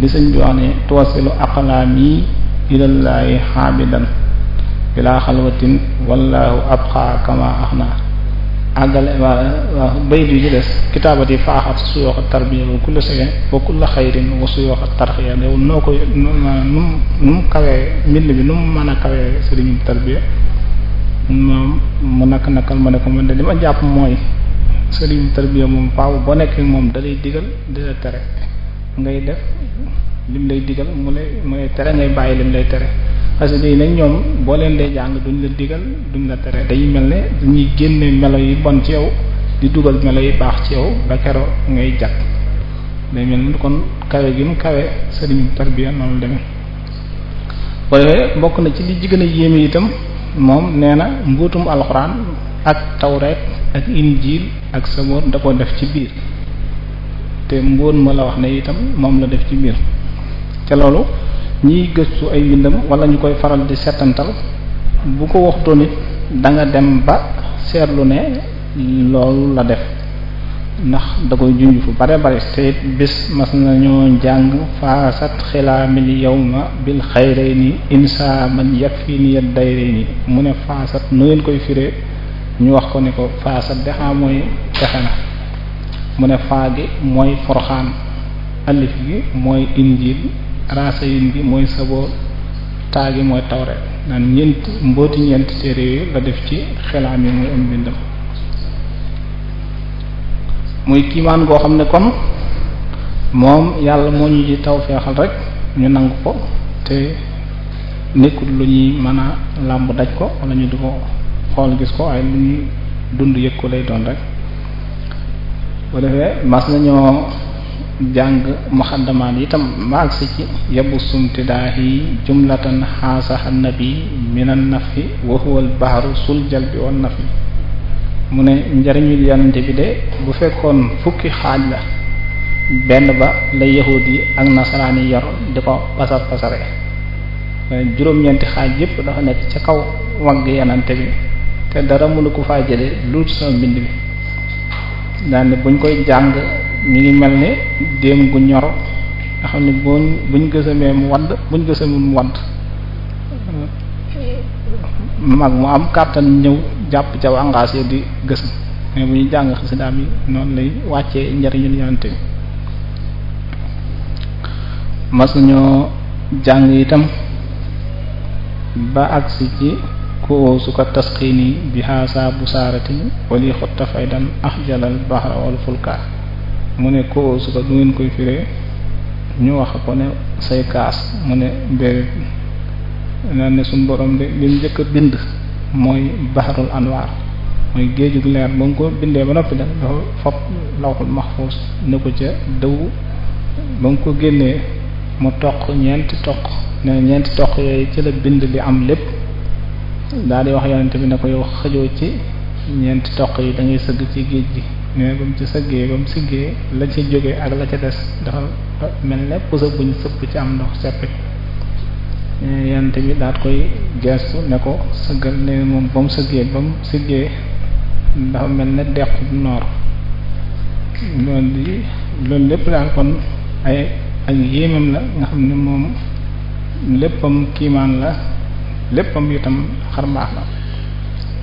li sëñ bi wax ne tuwasilu aqlaam yi ilallaahi xaabidan bilaa xalwatin wallaahu abqa kama axnaa àndal waa waa bayit yi ñu des kitaabati faaxat suyooxa tarbiya wa kulli sayin wa kulli xayrin wa suyooxa tarxiya yow noo koy nu bi nu mu mën a kawee sëriñu tarbiya moom mu nakk nakkal ma ne ko man de li ma jàpp mooy sëriñu tarbiya moom faaw boo nekkee moom dalay digal di la tere ngay def lim lay digal mu lay mu tere ngay bàyyi lim lay tere xasida yi nag ñoom boo leen dee jàng duñ la digal duñ la tere day mel ne dañuy génne melo yi bon ci yow di dugal melo yi baax ci yow ba keroog ngay jàkk day mel ni kon kawe gi mu kawe sëriñu tarbiya noonu demee boo defee na ci li ci gën a itam moom nee na mbuutum alxuraan ak tawreet ak injiil ak saboor da ko def ci biir te mbóon ma la wax ne itam moom la def ci biir te loolu ñiy gëstu ay bindam wala ñu koy faral di setantal bu ko waxtoon it da dem ba seetlu ne loolu la def ndax da koy junj bare bare te bis mas nañoo jàng faasat xilaamil yawma bil xayrayni insa man yakfini yad dayrayni mu ne faasat nu ngeen koy firee ñu wax ko ne ko faasat dexaa mooy texe na mu ne faa gi mooy forxaan alif gi mooy injil racine bi mooy saboo taagi mooy tawret naan ñeent mbooti ñeent téere yooyu la def ci xelaam yi muy am mbindam muy kiimaan goo xam ne kon moom yàlla moo ñu ci taw feexal rek ñu nangu ko te nekkul lu ñuy mën a làmb daj ko walla ñu di ko xool gis ko ay lu ñuy dund yëg ko lay doon rek bu defee mas nañoo jàng muxaddamaan itam ma agsi ci yabu sumtidaahi jumlatan xaasaha nabi minan nafi wa huwa al bahru sul jalbi wan nafi mu ne njariñul yonente bi de bu fekkoon fukki xaaj la benn ba la yahuud yi ak nasaraan yi yor di ko pasar pasare juróom-ñeenti xaaj yépp dafa nekk ci kaw wagg yonente bi te dara mënu ko faa jële lu sa mbind bi daane buñ koy jàng mi ngi mel ni déem gu ñor nga xam ne boo buñ gësamee mu wadd buñ gësamul mu wadd mag mu am kàttan ñëw jàpp ca wangaase di gës mais bu ñu jàng xasidaam yi noonu lay wàccee njariñu yonante bi mas nañoo jàng itam ba agsi ci ko su ko tasqini bi xaasa bu saarati wali xotta faydan ax jalal bahra wal mu ne koos ba du ngeen koy firee ñu wax ko ne say kaas mu ne déedéet naan ne suñ borom de li mu njëkk bind mooy baxarul anwaar mooy géejug leer ba nga ko bindee ba noppi nag dafa fab lawxul maxfuus ne ko ca dëw ba nga ko génnee mu toq ñeenti toq ne ñeenti toq yooyu ci la bind li am lépp daal di wax yonente bi ne koy yow xëjoo ci ñeenti toq yi da sëgg ci géej gi nee na ci sëggee ba mu siggee la ci jógee ak la ca des dafa mel ne puso buñ sëpp ci am ndox seppi yante bi daat koy geestu ne ko sëggal nee moom ba mu sëggee ba mu siggee dafa mel ne dequ noor loolu loolu lépp daal kon ay ak yéemam la nga xam ne moom léppam kiimaan la léppam itam xarbaax la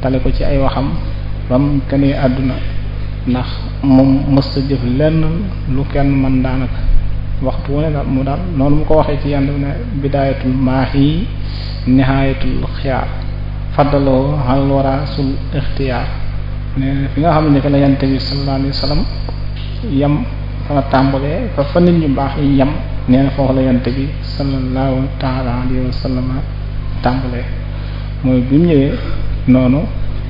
tale ko ci ay waxam bam kenee àdduna ndax moom mësta jëf lenn lu kenn mën daanaka waxtu wu ne daal mu daal noonu mu ko waxee ci yenn ne bidaayatul maahi nihaayatul xiyaar faddaloo xalal ixtiyaar ne fi nga xam ne fi la yante bi sallallahu alayhi wasallam yam fa baax yi yam nee na bi sallallahu taala alayhi wasallam tàmbalee mooy bi ñëwee noonu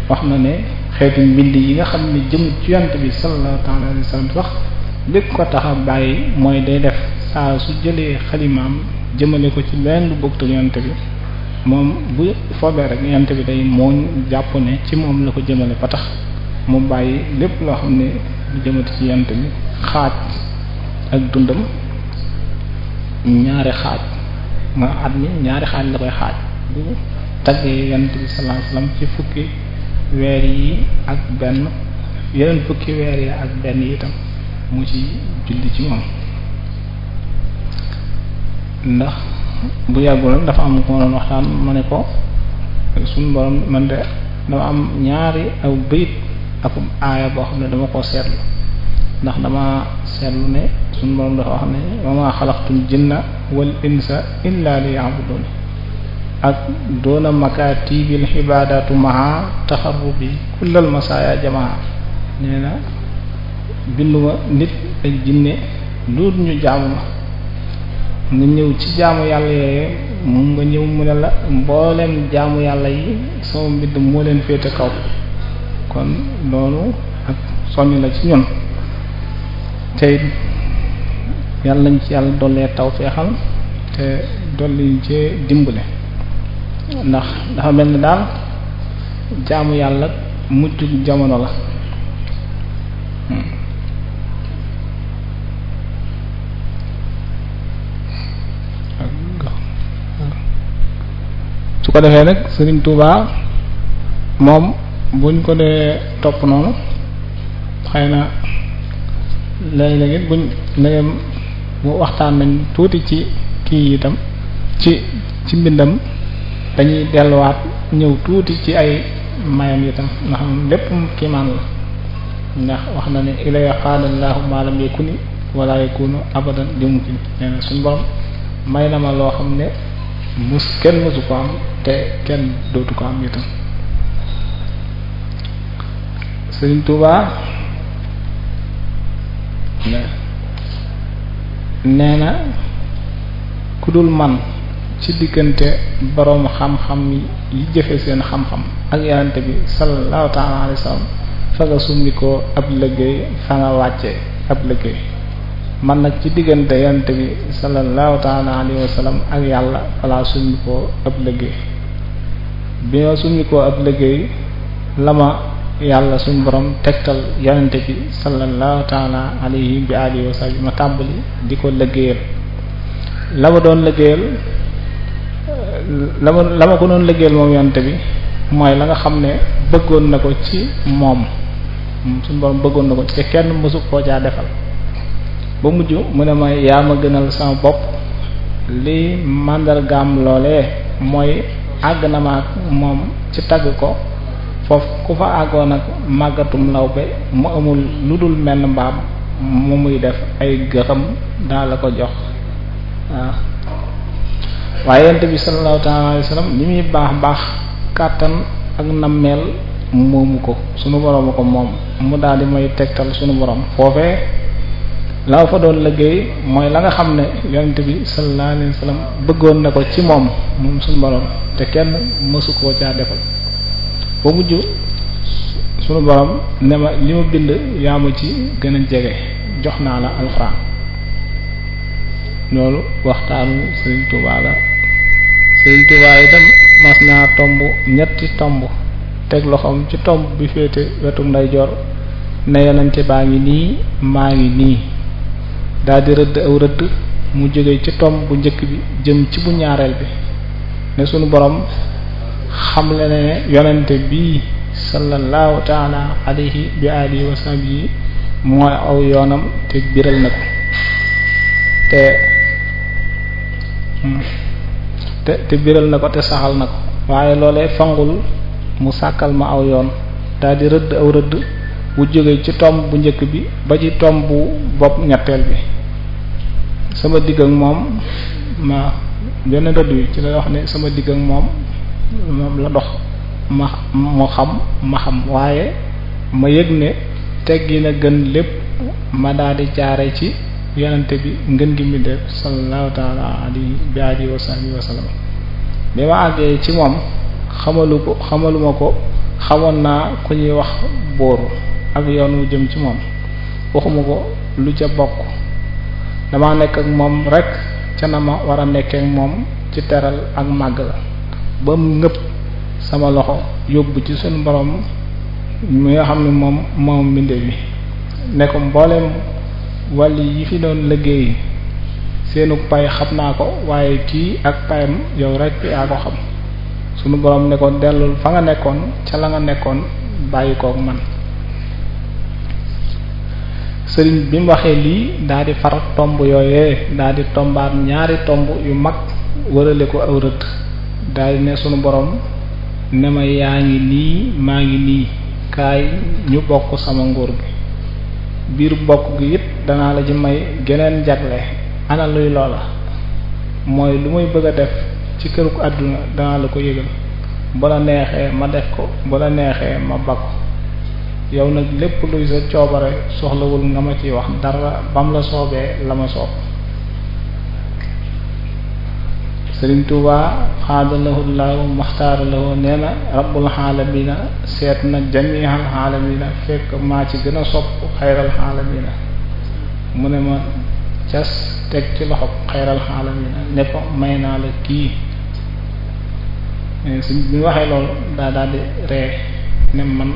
wax na ne xeetu mbind yi nga xam ne jëm ci yant bi sallallahu taala alayhi wa sallam wax li ko tax a bàyyi mooy day def saa su jëlee xalimaam jëmale ko ci benn lu bokkut yant bi moom bu foobee rek yant bi day mooñ ne ci moom la ko jëmale ba tax mu bàyyi lépp loo xam ne lu ci yant bi xaaj ak dundam ñaari xaaj ma at mi ñaari xaaj la koy xaaj bu taggee yant bi sallallahu alayhi fukki weer yi ak benn yeneen fukki weer yi ak benn itam mu ci julli ci moom ndax bu yàggul dafa am ko doon waxtaan ma ne ko suñu borom man de dama am ñaari aw bayit ak aaya boo xam ne dama ko seetlu ndax dama seetlu ne suñu borom dafa wax ne wa ma xalaqtul jinna wal insa illa liya'budun ak doona makaatibil xibaadaatu maha taxarrubi kullal masaaya jamaa nee na binduma nit ak jinne loolu ñu jaamu ma nga ñëw ci jaamu yàlla yooyu moom nga ñëw mu ne la mbooleem jaamu yàlla yi sama mbind moo leen féete kaw kon loolu ak soññ la ci ñun tey yàlla nañ ci yàlla dollee taw feexal te dolli ñu ci dimbale ndax dafa mel ni daal jaamu yàlla mujj jamono la su ko defee nag Serigne Touba moom buñ ko dee topp noonu xëy na léeg-léeg it buñ léegam bu waxtaan nañ tuuti ci kii itam ci ci mbindam dañuy delluwaat ñëw tuuti ci ay mayam itam nga xam lépp kiimaan la ndax wax na ne ilaya qaadallaahu ma lam yakuni wala yakunu abadan li mumkin nee na suñu borom may na ma loo xam ne mus kenn mësu ko am te kenn dootu ko am itam Sëriñ Tuubaa nee na ku dul man ci diggante boroom xam-xam yi jëfe seen xam-xam ak yonente bi sallallahu taala alayhi wa sallam fa nga summi ab liggéey fa nga wàcce ab liggéey man nag ci diggante yonente bi sallallahu taala alayhi ak yàlla falaa summi ko ab liggéey ab liggéey la ma yàlla suñ boroom tegtal yonente bi sallallahu taala alayhi bi alihi wa sallam ma tàmbali di ko liggéeyal la ma doon liggéeyal la ma la ma ko doon liggéeyal moom yonte bi mooy la nga xam ne bëggoon na ko ci moom mm, suñu borom bëggoon na ko te kenn mësu koo caa defal ba mujj mu ne ma yaa ma gënal sama bopp li màndargaam loolee mooy àgg na ma ak moom ci tagg ko foofu ku fa àggoon ak màggatum lawbe mu amul lu dul menn mbaam mu muy def ay gëxam daa la ko jox waaw waaye yonent bi sallallahu taala alayhi wa sallam li muy baax baax kàttan ak nammeel moomu ko sunu borom ko moom mu daal di may tegtal sunu borom foofee la fa doon liggéey mooy la nga xam ne yonent bi sallallahu alayhi wa sallam bëggoon na ko ci moom moom sunu borom te kenn mësu koo caa defal ba mujj sunu borom ne ma li ma bind yaa ci gën a jege jox naa la alxuraan loolu waxtaanu Sëriñ Tuubaa Sëriñ Tuubaa itam mas naa tomb ñetti tomb teg loxoom ci tomb bi féete wetum ndeyjoor ne yonente baa ngi nii maa ngi nii daldi rëdd aw rëdd mu jóge ci tomb bu njëkk bi jëm ci bu ñaareel bi ne sunu boroom xamle ne yonente bii sallallahu taala alayhi bi alihi wa sahbihi mooy aw yoonam te biral na ko te te te biral na ko te saxal na ko waaye loolee fangul mu sàkkal ma aw yoon daal di rëdd aw rëdd bu jógee ci tomb bu njëkk bi ba ci tomb bu bopp ñetteel bi sama digg ak moom ma benn rëdd wi ci la wax ne sama digg ak moom moom la dox ma mu xam ma xam waaye ma yëg ne teggi na gën lépp ma daal di ci yonente bi ngën gi mu def sallallahu taala bi alihi wa sahbihi bi ma àggee ci moom xamalu ko xamaluma xamoon naa ku ñuy wax booru ak yoon wu jëm ci moom waxuma ko lu ca bokk dama nekk ak moom rekk ca na ma war a nekkee moom ci teral ak màgg la ba mu ngëpp sama loxo yóbbu ci suñu borom mi nga xam ne moom moom mbinde bi ne ko mbooleem wàll yi fi doon liggéey seenu pay xam naa ko waaye kii ak payam yow rek yaa ko xam sunu borom ne ko dellul fa nga nekkoon ca la nga nekkoon bàyyi kook man sëriñ bi waxee lii daa di far tomb yooyee daa di tombaat ñaari tomb yu mag wërale ko aw rëdd daa ne sunu boroom ne ma yaa ngi nii maa ngi nii kaay ñu bokk sama nguur bi biir bokk gi it danaa la ji may geneen jagle ana luy loola mooy lu may bëgg a def ci këru àdduna danaa la ko yëgal bu la neexee ma def ko bu la neexee ma bakku yow nag lépp luy sa coobare soxlawul nga ma ciy wax dara bam la soobee la ma soob Sëriñ Tuuba xaadalahu laahu maxtaaralahu nee na rabbul xaalamina seet na jamihal xaalamina fekk maa ci gën a sopp xayral xaalamina mu ne ma cas teg ci loxo xayral xaalamina ne ko may naa la kii suñ bi waxee lool daa daal di ree ne man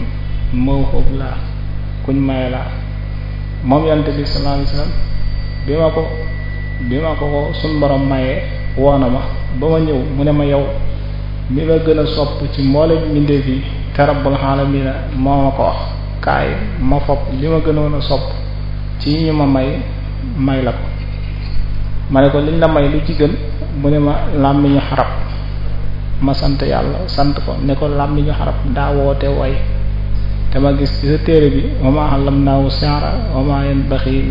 maw xóob laa kuñ may laa moom yonte bi sallallahu alayhi wasallam bi ma ko bi ma ko ko suñ borom mayee woo ma ba ma ñëw mu ne ma yow mi la gën a sopp ci mboolem mbindeef yi te rabbul alamina moo ma ko wax kaay ma fopp li ma gënoon a sopp ci ñu ma may may la ko ma ne ko li la may lu ci gën mu ne ma làmmiñu xarab ma sant yàlla sant ko ne ko làmmiñu xarab daa woote way te ma gis ci sa téere bi wama allamnaahu si'ra wama yanbaghi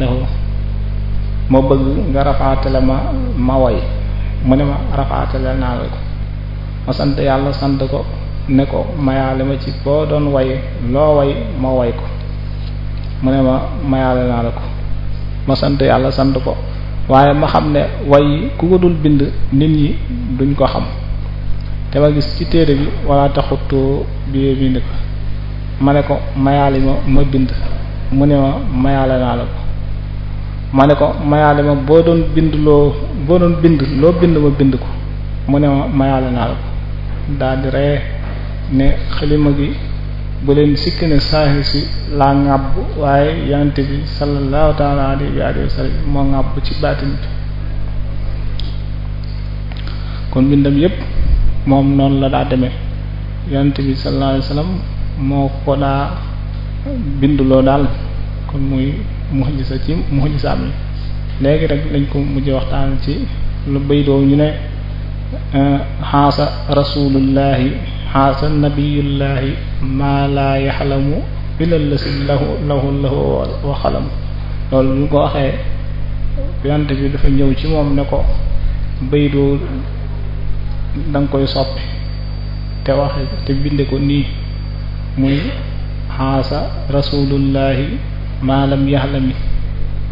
ma bëgg nga rafaatale ma ma way mu ne ma rafaataleel naa la ko ma sant yàlla sant ko ne ko mayaale ma ci boo doon way loo woy ma woy ko mu ne ma mayaale naa la ko ma sant yàlla sant ko waaye ma xam ne way ku ko dul bind nit ñi duñ ko xam te ma gis ci téere bi wala taxutoo bi bind ko ma ne ko mayaali ma ma bind mu ne ma mayaale naa la ko ma ne ko mayaale ma boo doon binduloo boo doon bind loo bind ma bind ko mu ne ma mayaale naa la ko daal di ne xalima gi bu leen sikki ne saaxi si laa ŋàbb waaye yante bi sallallahu taala alayhi wa moo ŋàbb ci baatin bi kon bindam yépp moom noonu la daa deme yante bi sallallahu alayhi moo ko binduloo daal kon muy muxjisa ci muxjisaam yi léegi rek lañ ko mujj waxtaan ci lu baydoo ñu ne eh, xaasa rasulullahi xaasa nabiyullahi maa laa yaxlamu ilalasi lahu lahu lahu wa xalamu loolu ñu ko waxee yonent bi dafa ñëw ci moom ne ko bay doo koy soppi te waxe te binde ko nii muy xaasa rasulullahi maalam yaxlami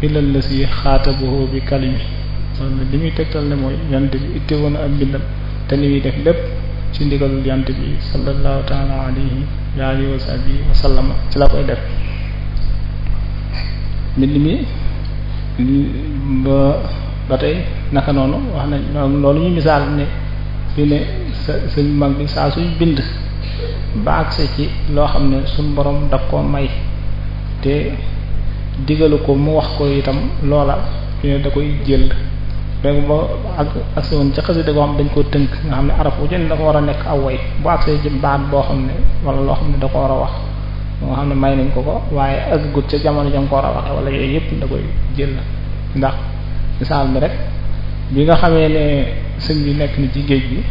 ilal la si xaatabahu bi kalimi li muy tegtal ne mooy yant bi itte woon ak mbindam te li muy def lépp ci ndigalul yant bi sallallahu taala alayhi wa la koy def naka noonu wax nañ loolu ñu misaal ne fi saa suy bind ba agse ci loo xam ne suñ borom daf koo may te digalu ko mu wax ko itam loola ñu da koy jël léegi ba ak ak woon ci xasida goo xam dañ ko tënk nga xam ne araf wu jënd dafa war a nekk aw way bu agsee ci boo xam ne wala loo xam ne da war a wax moo xam ne may nañ ko ko waaye ëggut ca jamono jam war a waxe yooyu yëpp da koy jël ndax misaal mi rek bi nga xamee ne sëñ nekk ni ci géej gi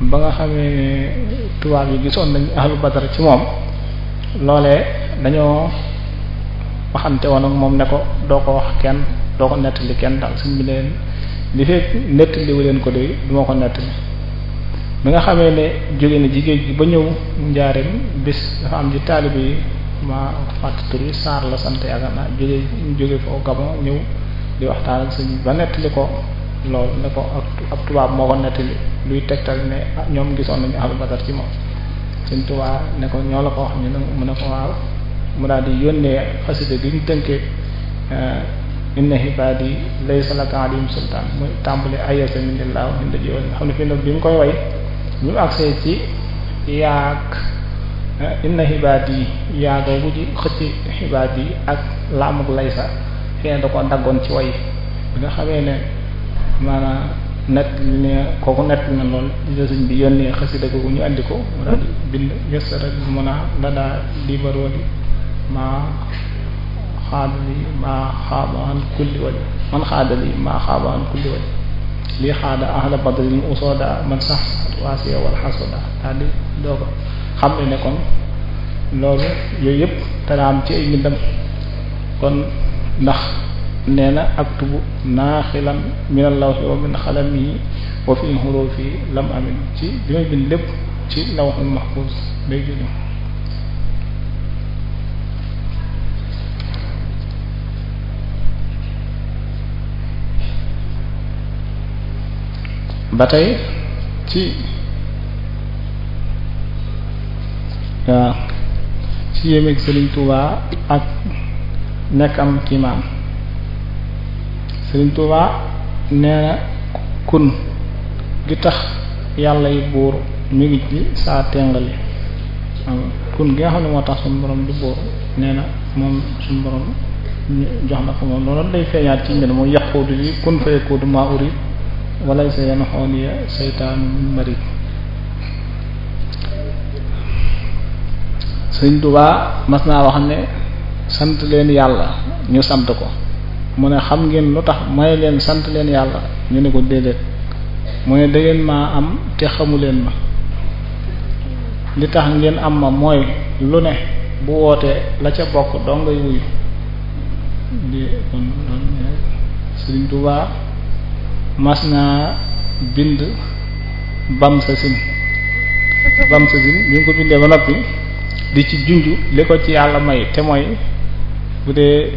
ba nga xamee ne tubaab yi gisoon nañ ahlu badar ci moom loolee dañoo waxante woon ak moom ne ko doo ko wax kenn doo ko nettali kenn ndax suñ bi leen li fekk nettaliwu leen ko de du ma ko nettali bi nga xamee ne jóge na jigéen gi ba ñëw njaareem bis dafa am ji taalibe yi ma fàtt tur saar la sant yaakaar naa jóge jóge foo Gabon ñëw di waxtaan ak suñ ba nettali ko loolu ne ko ab tubaab moo ko nettali luy tegtal ne ñoom gisoon nañu ahlu ci moom suñ tubaab ne ko ñoo la ko wax ne mu ne ko waaw mu daal di yónnee xasida gi ñu tënkee eh, inna ibaadi laysa laka alayhim sultaan muy tàmbali ayasa min illaa wa inda jiwal nga xam ne fii nag bi mu koy way bi mu agsee ci yaag eh, inna ibaadi yaagoogu ci xëcc ibaadi ak laamuk laysa fii da ko daggoon ci way bi nga xamee ne maanaam net li ne kooku net na lool li sëñ bi yónnee xasida googu ñu andi ko mu daal di bind yësara mën a la daa di maa xaada maa xaaba an kulli waj man xaada lii maa xaaba an kulli waj lii xaada ahla badrin usooda man sax waasiya wal xasooda daal di xam ne ne kon loolu yooyu yëpp dana am ci ay mbindam kon ndax nee na aktubu naaxilan min allawxi wa min xalamihi wa fi xurufi lam amin ci bi may bind lépp ci lawxul mahfuz lay jóge ba tey ci waaw ci yéemeeg Serigne Touba ak nekk am kiimaan Serigne Touba nee na kun gi tax yàlla yi buur mi ngi saa tengali am kun gi nga xam ne moo tax suñu borom di buur nee na moom suñu borom jox na ko moom loolu day feeñaat ci mbir mu yàquwut yi kun fayekuutu maa uri walaysa yanxooni ya seytaanu min marid sëñ Tuubaa mas naa wax ne sant leen yàlla ñu sant ko mu ne xam ngeen lu tax may leen sant leen yàlla ñu ne ko déedéet mu ne dangeen maa am te xamu leen ma li tax ngeen am ma mooy lu ne bu wootee la ca bokk doo ngay wuyu di kon mas naa bind Bamsasine Bamsasine bi nga ko bindee ba noppi di ci junj li ko ci yàlla may te mooy bu dee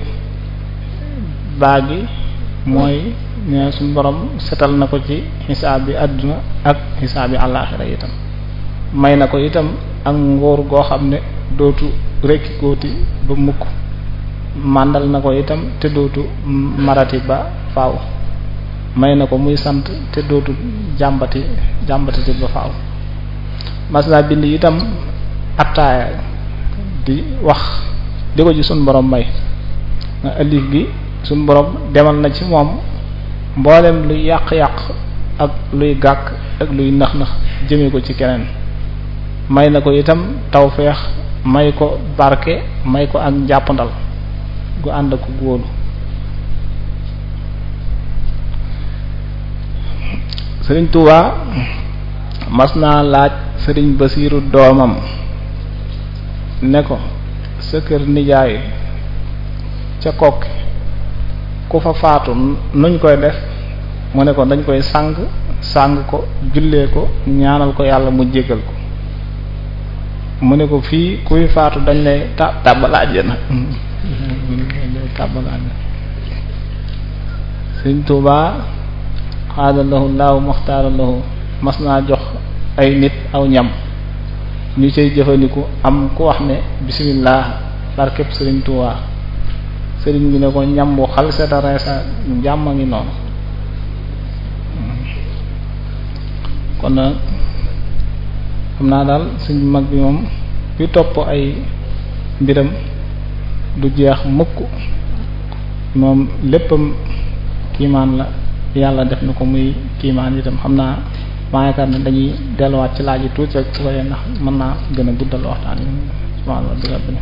baa mooy ne suñu borom setal na ko ci xisaab bi àdduna ak xisaab bi àllaaxira itam may na ko itam ak ngóor goo xam ne dootu rekki kooti ba mukk màndal na ko itam te dootu marati ba faw may na ko muy sant te dootu jàmbati jàmbati te faaw mas naa bind itam ataaya di wax di ko ji suñ borom may nga alif gi suñ borom demal na ci moom mboolem lu yàq-yàq ak luy gàkk ak luy nax-nax jëmee ko ci keneen may na ko itam tawfeex may ko barke may ko ak njàppandal gu ànd ak góolu sëriñ Touba mas naa laaj sëriñ Basiiru doomam ne ko sa kër nijaay ca kokki ku fa faatu nuñ koy def mu ne ko dañ koy sang sang ko jullee ko ñaanal ko yàlla mu jéggal ko mu ne ko fii kuy faatu dañ lay ta tàbbal àjjana [laughs] sëriñ Touba xaadalahu laaw maxtaaralahu mas naa jox ay nit aw ñam ñu cay jëfandiku am ku wax ne bisimilah barkeb sëriñ Tuubaa sëriñ bi ne ko ñam bu xal seta reesa jàmm a ngi noonu kon nag xam naa daal suñ mag bi moom yu topp ay mbiram du jeex mukk moom léppam kiimaan la yàlla def na ko muy kiimaan itam xam naa maa yaakaar ne dañuy delluwaat ci laaj yi tuuti rek su ko ndax mën naa gën a guddal waxtaan yi subhaana rabbil rabbil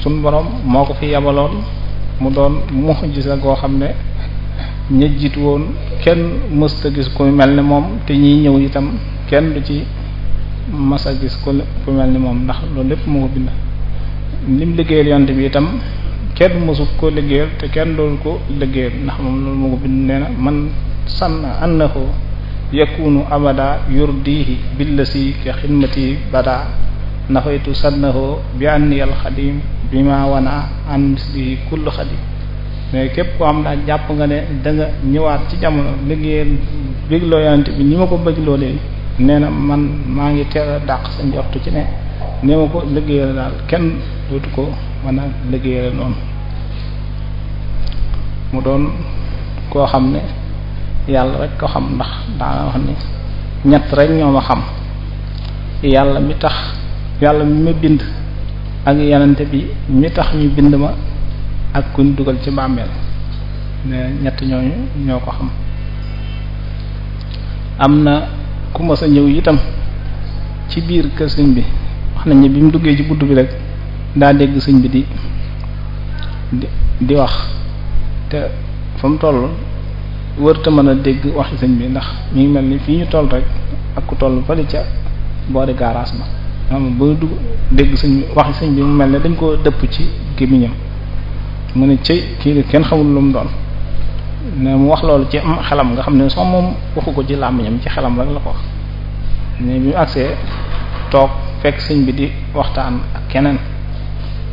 suñ borom moo ko fi yabaloon mu doon mu'jiza goo xam ne ña jiitu woon kenn mësta gis ku mel ni moom te ñuy ñëw itam kenn du ci masa gis ku ku mel ni moom ndax loolu lépp moo ko bind lim liggéeyal yonent bi itam kenn mësu ko liggéeyal te kenn doon ko liggéeyal ndax moom loolu moo ko bind nee na man sanna annahu yakunu abada yurdihi billasi ka xidmati bada nafaytu sannahu bi anni al xadim bi ma wana an misli képp ko am daa jàpp nga ne da ñëwaat ci jamono liggéeyal bi ni ma ko bëgg nee na man maa ngi teel dàq sa njortu ci ne nee ma ko liggéeyal daal kenn dootu ko mën a liggéeyal noonu mu doon koo xam ne yàlla rek ko xam ndax daana wax ni ñett rek ñoo ma xam yàlla mi tax yàlla mi ma bind ak yenante bi mi tax ñu bind ma ak kuñ dugal ci bàmmeel ne ñett ñooñu ñoo ko xam am na ku ma sa ñëw itam ci biir kër bi wax nañ ne bi mu duggee ci bunt bi rek daa dégg sëñ bi di di wax te fa mu wër wërta mën a dégg waxi sëñ bi ndax mi ngi mel ni fii ñu toll rek ak ku tollu fële ca boori garage ba xam ba du dégg sëñ waxi sëñ bi mu mel ni dañ koo dëpp ci gémmiñam mu ne cëy kii kenn xamul lu mu doon ne mu wax loolu ci am xelam nga xam ne soo moom waxu ko ci làmmiñam ci xelam rek la ko wax ne bi mu agsee toog fekk sëñ bi di waxtaan ak keneen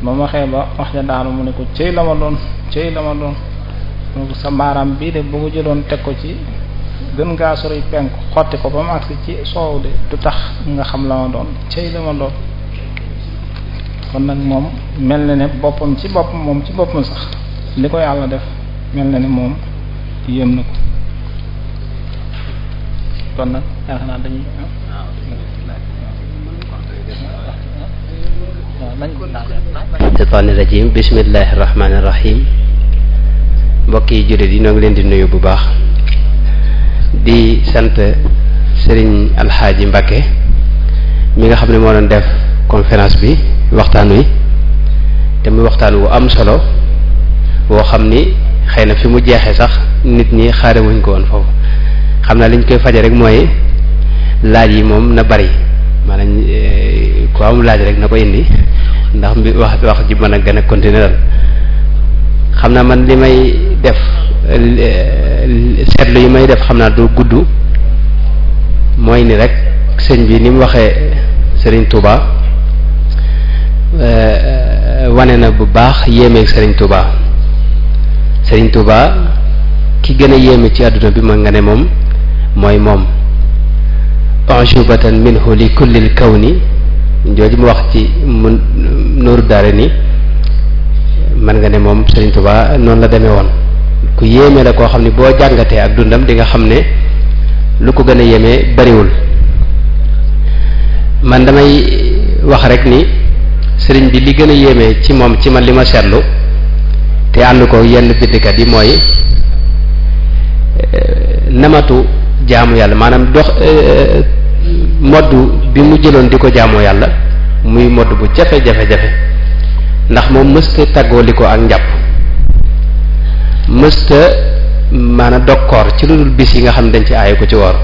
ba ma waxee ba wax ja daanu mu ne ko cëy la ma doon cëy la ma doon mu sa baaraam bii de bu mu jëloon teg ko ci gën gaa sori penk xotti ko ba mu ci soow de du tax nga xam la ma doon cëy la ma doon kon nag moom mel na ne boppam ci boppam moom ci boppam sax li ko yàlla def mel na ne moom yëm na ko kon nag yaakaar naa dañuy seytaani rajim bismillahi rahmaani rahim mbokk yi jullit yi noo ngi leen di nuyu bu baax di sant sëriñ alxaaji Mbàkke mi nga xam ne moo doon def conférence bi waxtaan wi te muy waxtaan wu am solo woo xam ni xëy na fi mu jeexee sax nit ñi xaare wuñ ko woon foofu xam naa liñ koy faje rek mooy laaj yi moom na bari maanaam eh, ku am laaj rek na ko indi ndax mbi wax wax ji mën a gën a continuer xam na man li may def eh, seetlu yi may def xam naa du gudd mooy ni rek sëñ bi ni mu waxee Serigne Touba eh, wane na bu baax yéemeeg sëriñ Touba Serigne Touba ki gën a yéeme ci àdduna bi ma nga ne moom mooy moom ujubatan minhu li kullil kawni jooju mu wax ci mun nooru daare ni mën nga ne moom Sëriñ Tuubaa noonu la demee woon ku yéeme la koo xam ne boo jàngatee ak dundam di nga xam ne lu ko gën a yéeme bariwul man damay wax rek ni sëriñ bi li gën a yéeme ci moom ci man li ma seetlu te ànd ko yenn bindkat yi mooy eh, namatu jaamu yàlla maanaam dox eh, eh, modd bi mu jëloon di ko jaamoo yàlla muy modd bu jafe-jafe-jafe ndax moom mësta tàggoo li ko ak njàpp mësta maanaam dog koor ci lu dul bis yi nga xam ne dañ ci aaye ko ci woor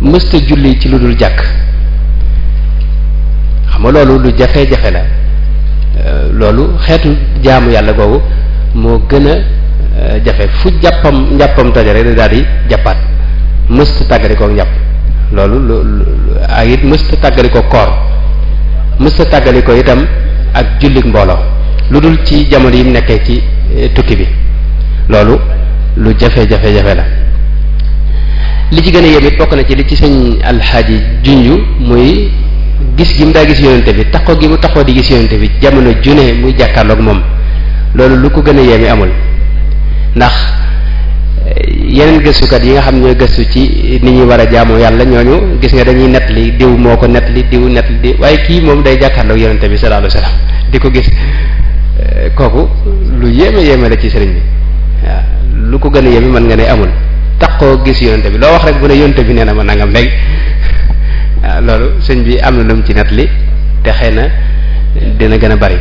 mësta julli ci lu dul jàkk xam nga loolu lu jafe-jafe la euh, loolu xeetu jaamu yàlla googu moo gën a euh, jafe fu jàppam njàppam tojare daal di jàppaat mësta tàggali ko ak njàpp loolu lu ay it mësta tàggali ko koor mësta tàggali ko itam ak jullit mbooloo lu dul ci jamono yi mu nekkee ci eh, tukki bi loolu lu jafe-jafe jafe la li ci gën a yem it bokk na ci li ci sëñ alxaaji junju muy gis gi mu daa gis yonente bi taxoo gi mu taxoo di gis yonente bi jamono junne muy jàkkaarloog moom loolu lu ko gën a yemi amul ndax yeneen gëstukat yi nga xam ñooy gëstu ci ni ñuy war a jaamu yàlla ñooñu gis nga dañuy net li diw moo ko net li diw net li waaye kii moom day jàkkaarloo yonente bi sallallahu alayhi wasallam di ko gis eh, kooku lu yéeme yéeme la ci sëriñ bi waaw lu ko gën a yéeme mën nga ne amul taxoo gis yonente bi loo wax rek bu ne yonente bi nee na ma nangam léegi waaw loolu sëñ bi am na lu mu ci net li te xëy na dina gën a bari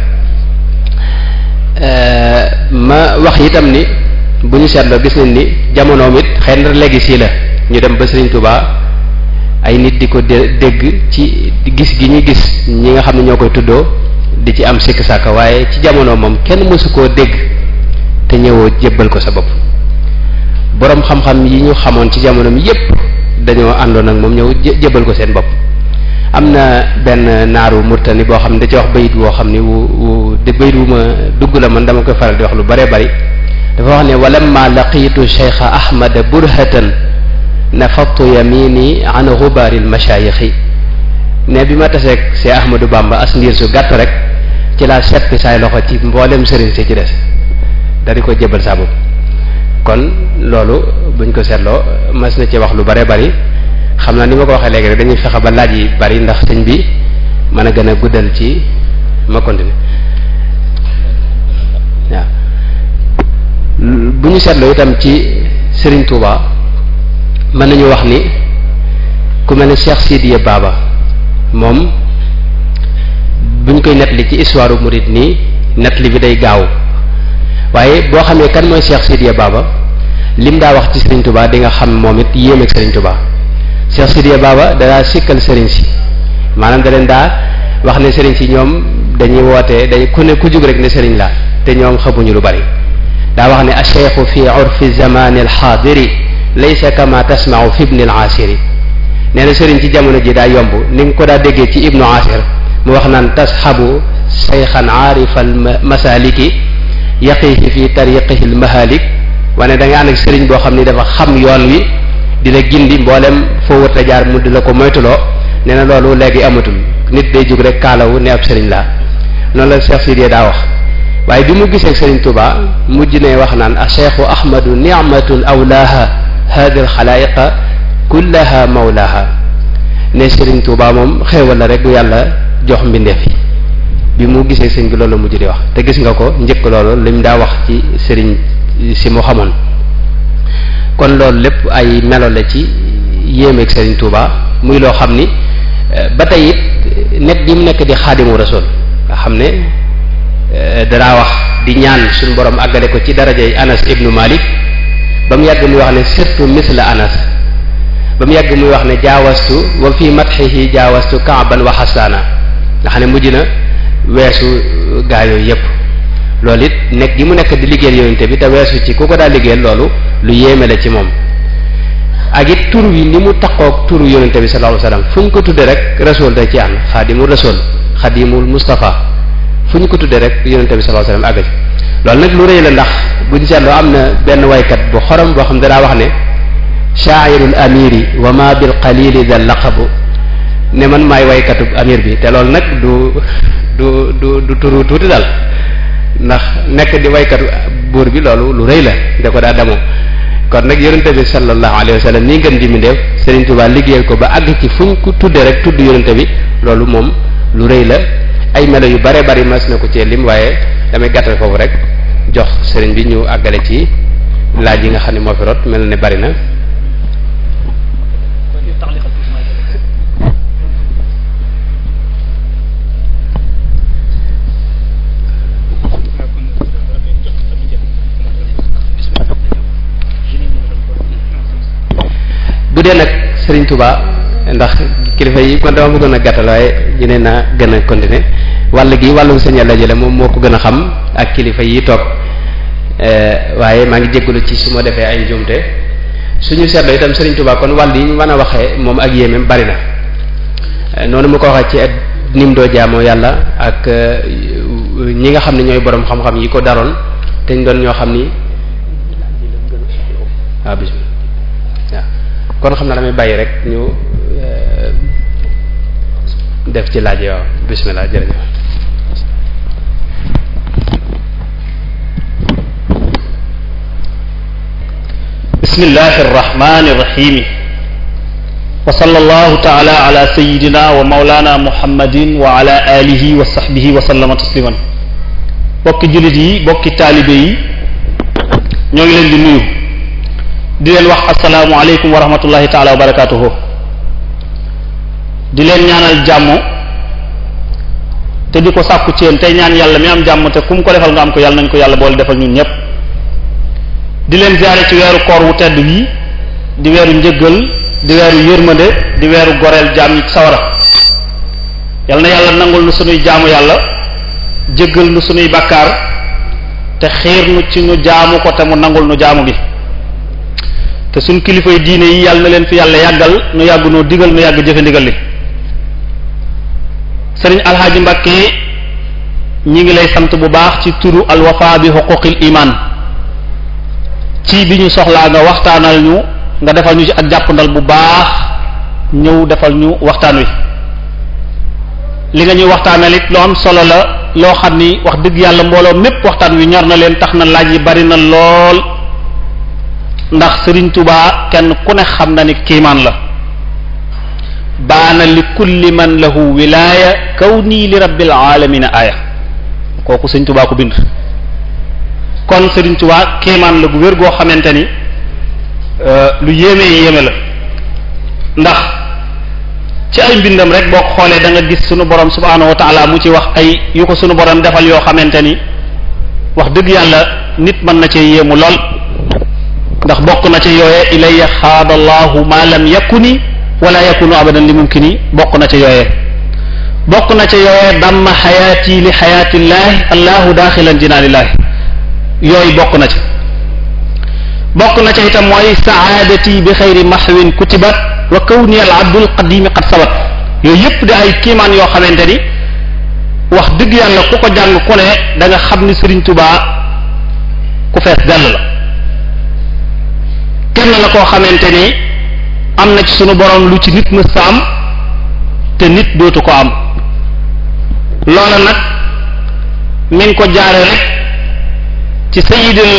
eh, ma wax itam ni bu ñu seetloo gis nañ ni jamonoom it xëy na léegi sii la ñu dem ba Serigne Touba ay nit di ko dégg ci gis gi ñu gis ñi nga xam ne ñoo koy tuddoo di ci am sikk sàkk waaye ci jamono moom kenn mësu koo dégg te ñëwoo jébbal ko sa bopp boroom xam-xam yi ñu xamoon ci jamonoom yépp dañoo àndoon ak moom ñëw jébbal ko seen bopp am na benn naaru murtani boo xam ne da ci wax bayit woo xam ni wu wu de bayit wu ma dugg la mën dama koy faral di wax lu bare bari dafa wax ne walamma laqiitu cheikha ahmada burhatan nafattu yamini an xubaari lmashaayixi ne bi ma taseeg see ahmadou bamba as ndiir su gàtt rek ci laa set saay loxo ci mboolem sëriñ si ci des dari ko jëbal saa bopp kon loolu buñ ko seetloo mas na ci wax lu bare bari xam naa ni ma ko waxee léegi rek dañuy fexe ba laaj yi bari ndax sëñ bi mën a gën a guddal ci ma continuer bu ñu seetloo itam ci sëriñ Touba mën nañu wax ni ku mel ne Cheikh Sidiya Baba moom buñ koy nettali ci histoire murid nii nettali bi day gaaw waaye boo xamee kan mooy Cheikh Sidiya Baba lim daa wax ci Serigne Touba di nga xam moom it yéem ak Serigne Touba Cheikh Sidiya baaba danaa sikkal Serigne si maanaam da leen daa wax ne sëriñ si ñoom dañuy woote dañ ku ne ku jug rek ne sëriñ la te ñoom xamuñu lu bari. daa wax ne alcheikhu fi urfi zamani alxaadiri laysa kama tasmau fi ibni alaasiri nee na sëriñ ci jamono ji daa yomb ni nga ko daa déggee ci ibnu asir mu wax naan tasxabu sayxan aarifal masaliki yaqihi fi tariqihi almahalik wane da nga ànd ak sëriñ boo xam ni dafa xam yoon wi dina gindi mboolem foo wërta jaar mu di la ko moytuloo nee na loolu léegi amatul nit day jóg rek kaalawu ne ab sëriñ laa noonu la Cheikh Sidiya daa wax waaye bi mu gisee Serigne Touba mujj ne wax naan a cheikhu ahmadu nicmatun awlaaha hadi alxalaayiqa kullaha mawlaaha ne Serigne Touba moom xéewal la rek du yàlla jox mbindeef yi bi mu gisee sëñ bi loolu la mujj di wax te gis nga ko njëkk loolu lim daa wax ci sëriñ si mu xamoon kon loolu lépp ay melo la ci yéemeeg sëriñ Touba muy loo xam ni eh, ba tey it nekk bi mu nekk di xaadimu rasul nga xam ne Eh, danaa wax di ñaan suñu borom àggale ko ci darajay anas ibnu malik ba mu yàgg muy wax ne surtout misla anas ba mu yàgg muy wax ne jaawastu wa fi matxihi jaawastu kaaban wa xasaana nga xam ne mujj na weesu eh, gaa yooyu yépp loolu it nekk gi mu nekk di liggéeyal yonent bi te weesu ci ku ko daa liggéeyal loolu lu yéeme la ci moom ak it tur wi ni mu taqoog turu yonent bi sallallahu alayhi wasallam fu ko tuddee rek rasul xadimul mustafa fu ñu ko tuddee rek yonente bi sallallahu alayhi wasallam àgg ci loolu nag lu rëy la ndax buñ seetloo am na benn waykat bu xorom boo xam ne daa wax ne sha'irul amiri wa ma bil qalili da laqabu ne man maay waykatub amir bi te loolu nag du du du du turu tuuti daal ndax nekk di waykatu buur bi loolu lu rëy la da ko daa demoo kon nag yonente bi sallallahu alayhi wa sallam nii ngeen di mindeef Serigne Touba liggéeyal ko ba àgg ci fu ñu ko tuddee rek tudd yonente bi loolu moom lu rëy la ay melo yu bare bari mas na ko cee lim waaye damay gàttal foofu rek jox sëriñ bi ñu àggale ci laaj yi nga xam ne moo fi rot mel ne bari na bu dee nag sëriñ Touba ndax kilifa yi kon dama bëggoon a gàttal waaye ñu ne naa gën a continuer wàll gi wàllu sëñ Yàlla jële moom moo ko gën a xam ak kilifa yi toog eh, waaye maa ngi jéggalu ci su ma defee ay njuumte suñu seetloo itam Serigne Touba kon wàll yi ñu mën a waxee moom ak yéemeem bari na eh, noonu mu ko waxee ci ak nim doo jaamoo yàlla ak eh, ñi nga xam ne ñooy boroom xam-xam yi ko daroon te ñu doon ñoo xam ni waaw ah, bismillah waaw kon xam na damay bàyyi rek ñu def ci laaj waaw bismillah jërëjëf bismillahi arrahmani irrahimi wa sallallahu taala ala sayidina wa maulana muhammadin wa ala alihi wa sahbihi wa sallama tasliman bokki jullit yi bokki taalibe yi ñoo ngi leen di nuyu di leen wax asalaamualeykum wa rahmatullahi taala wa barakatuhu di leen ñaanal jàmm te di ko sàkku ceen tey ñaan yàlla mi am jàmm te kum ko defal nga am ko yàlla nañ ko yàlla boole defal ñun ñëpp di leen ziare ci weeru koor wu tedd wi di weeru njëggal di weeru yërmande di weeru goreel jaam yi sawara yàlla na yàlla nangul nu sunuy jaamu yàlla jëggal nu sunuy bakkaar te xiir nu ci nu jaamu ko te mu nangul nu jaamu gi te suñ kilifay yi diine yi yàlla na leen fi yàlla yàggal nu yàgg noo digal nu yàgg jëfe ndigal li sëriñ alxaaji Mbàkke ñi ngi lay sant bu baax ci turu alwafa bi xuquqil imaan ci bi ñu soxlaa nga waxtaanal ñu nga defal ñu ci ak jàppandal bu baax ñëw defal ñu waxtaan wi li nga ñuy waxtaanal it loo am solo la loo xam ni wax dëgg yàlla mbooloo mépp waxtaan wi ñor na leen tax na laaj yi bari na lool ndax sëriñ tubaa kenn ku ne xam na ni kiimaan la baana li kulli man lahu wilaaya kaw nii li rabbil aalamina aaya kooku sëñ tubaa bind kon sëriñ tubaa kéemaan la gu wér goo xamante ni euh, lu yéemee yéeme la ndax ci ay mbindam rek boo xoolee danga gis sunu borom subhaanahu wa taala mu ci wax ay yu ko sunu boroom defal yoo xamante ni wax dëgg yàlla nit mën na cee yéemu lool ndax bokk na ci yooye ilayya xaadallahu ma lam yakuni wala yakunu abadan li mumkini bokk na ca yooyee bokk na ca yooyee damma xayaati li xayaatillaahi allahu daaxilan jinaanillaahi yooyu bokk na ca bokk na ca itam mooy saadati bi xayri maxwin kutibat wa kawni al abdul qadimi qad sabat yooyu yëpp di ay kiimaan yoo xamante ni wax dëgg yàlla ku ko jàng ku ne da xam ni Sëriñ Tubaa ku fees dell la kenn la koo xamante ni am na ci sunu borom lu ci nit mës ta am te nit dootu ko am loola nag mi ngi ko jaare rek ci sayyidul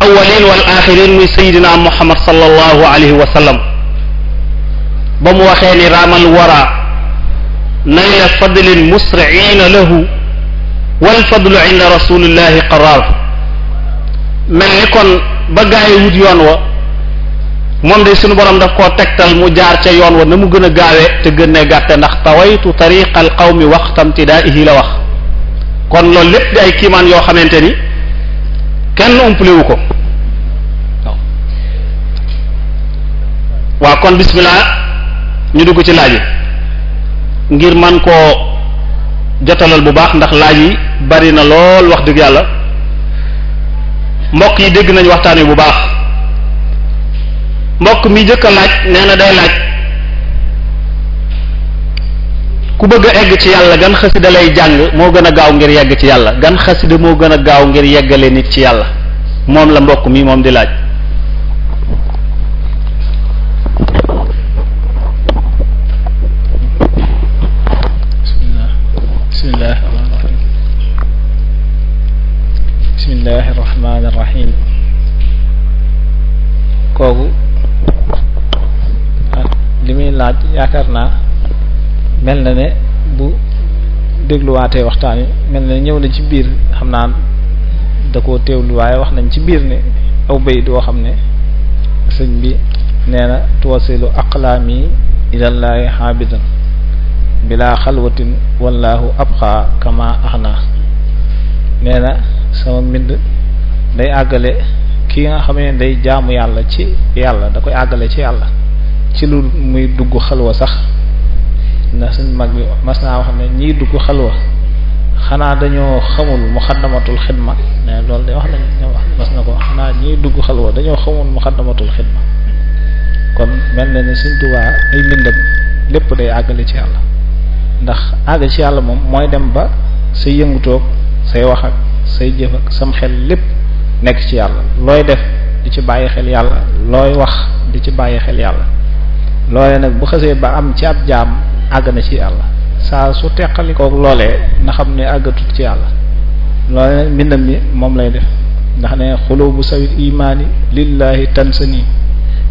awwalin wal axirin muy sayyidina muhammad sallallahu alayhi wa sallam ba mu waxee ni raamal wara nayla fadlin musriina lahu wal fadlu inda rasulillahi qaraar mel ni kon ba gaay wut yoon wa moom de suñu borom daf koo tegtal mu jaar ca yoon wa na mu gën a gaawee te gën a gàtte ndax tawaytu tariqa al qawmi waxtamtidaihi la wax kon loolu lépp di ay kiimaan yoo xamante ni kenn umpaliwu ko waaw waaw kon bismillah ñu dugg ci laaj yi ngir man koo jotalal bu baax ndax laaj yi bari na lool wax dëgg yàlla mbokk yi dégg nañ waxtaan wi bu baax mbokk mi jëkk a laaj nee na day laaj ku bëgg egg ci yàlla gan xasida lay jàng moo gën a gaaw ngir yegg ci yàlla gan xasida moo gën a gaaw ngir yeggale nit ci yàlla moom la mbokk mi moom di laaj bismillah kooku laaj yaakaar naa mel na ne bu dégluwaatee waxtaan wi mel na ñëw na ci biir xam naa da koo teewlu waaye wax nañ ci biir ne aw bayit woo xam ne sëñ bi nee na tuwasilu aqlaami ilallaahi xaabidan bilaa xalwatin wallaahu abqa kama axna nee na sama mbind day àggale ki nga xam ne day jaamu yàlla ci yàlla da koy àggale ci yàlla ci lu muy dugg xalwa sax ndax suñ mag bi mas naa wax ne ñiy dugg xalwa xanaa dañoo xamul muxaddamatul xidma ne loolu de wax nañ ne wax mas na ko xanaa ñiy dugg xalwa dañoo xamul muxaddamatul xidma kon mel na ne suñ tubaa ay mbindam lépp day àggale ci yàlla ndax àgg ci yàlla moom mooy dem ba say yëngutoog say wax ak say jëf sam xel lépp nekk ci yàlla looy def di ci bàyyi xel yàlla looy wax di ci bàyyi xel yàlla loolee nag bu xasee ba am ci ab jaam àgg na ci yàlla saa su teqali loolee na xam ne àggatut ci yàlla loolee nag mbindam mi moom lay def ndax ne xuloo bu sawit imaani lillahi tansani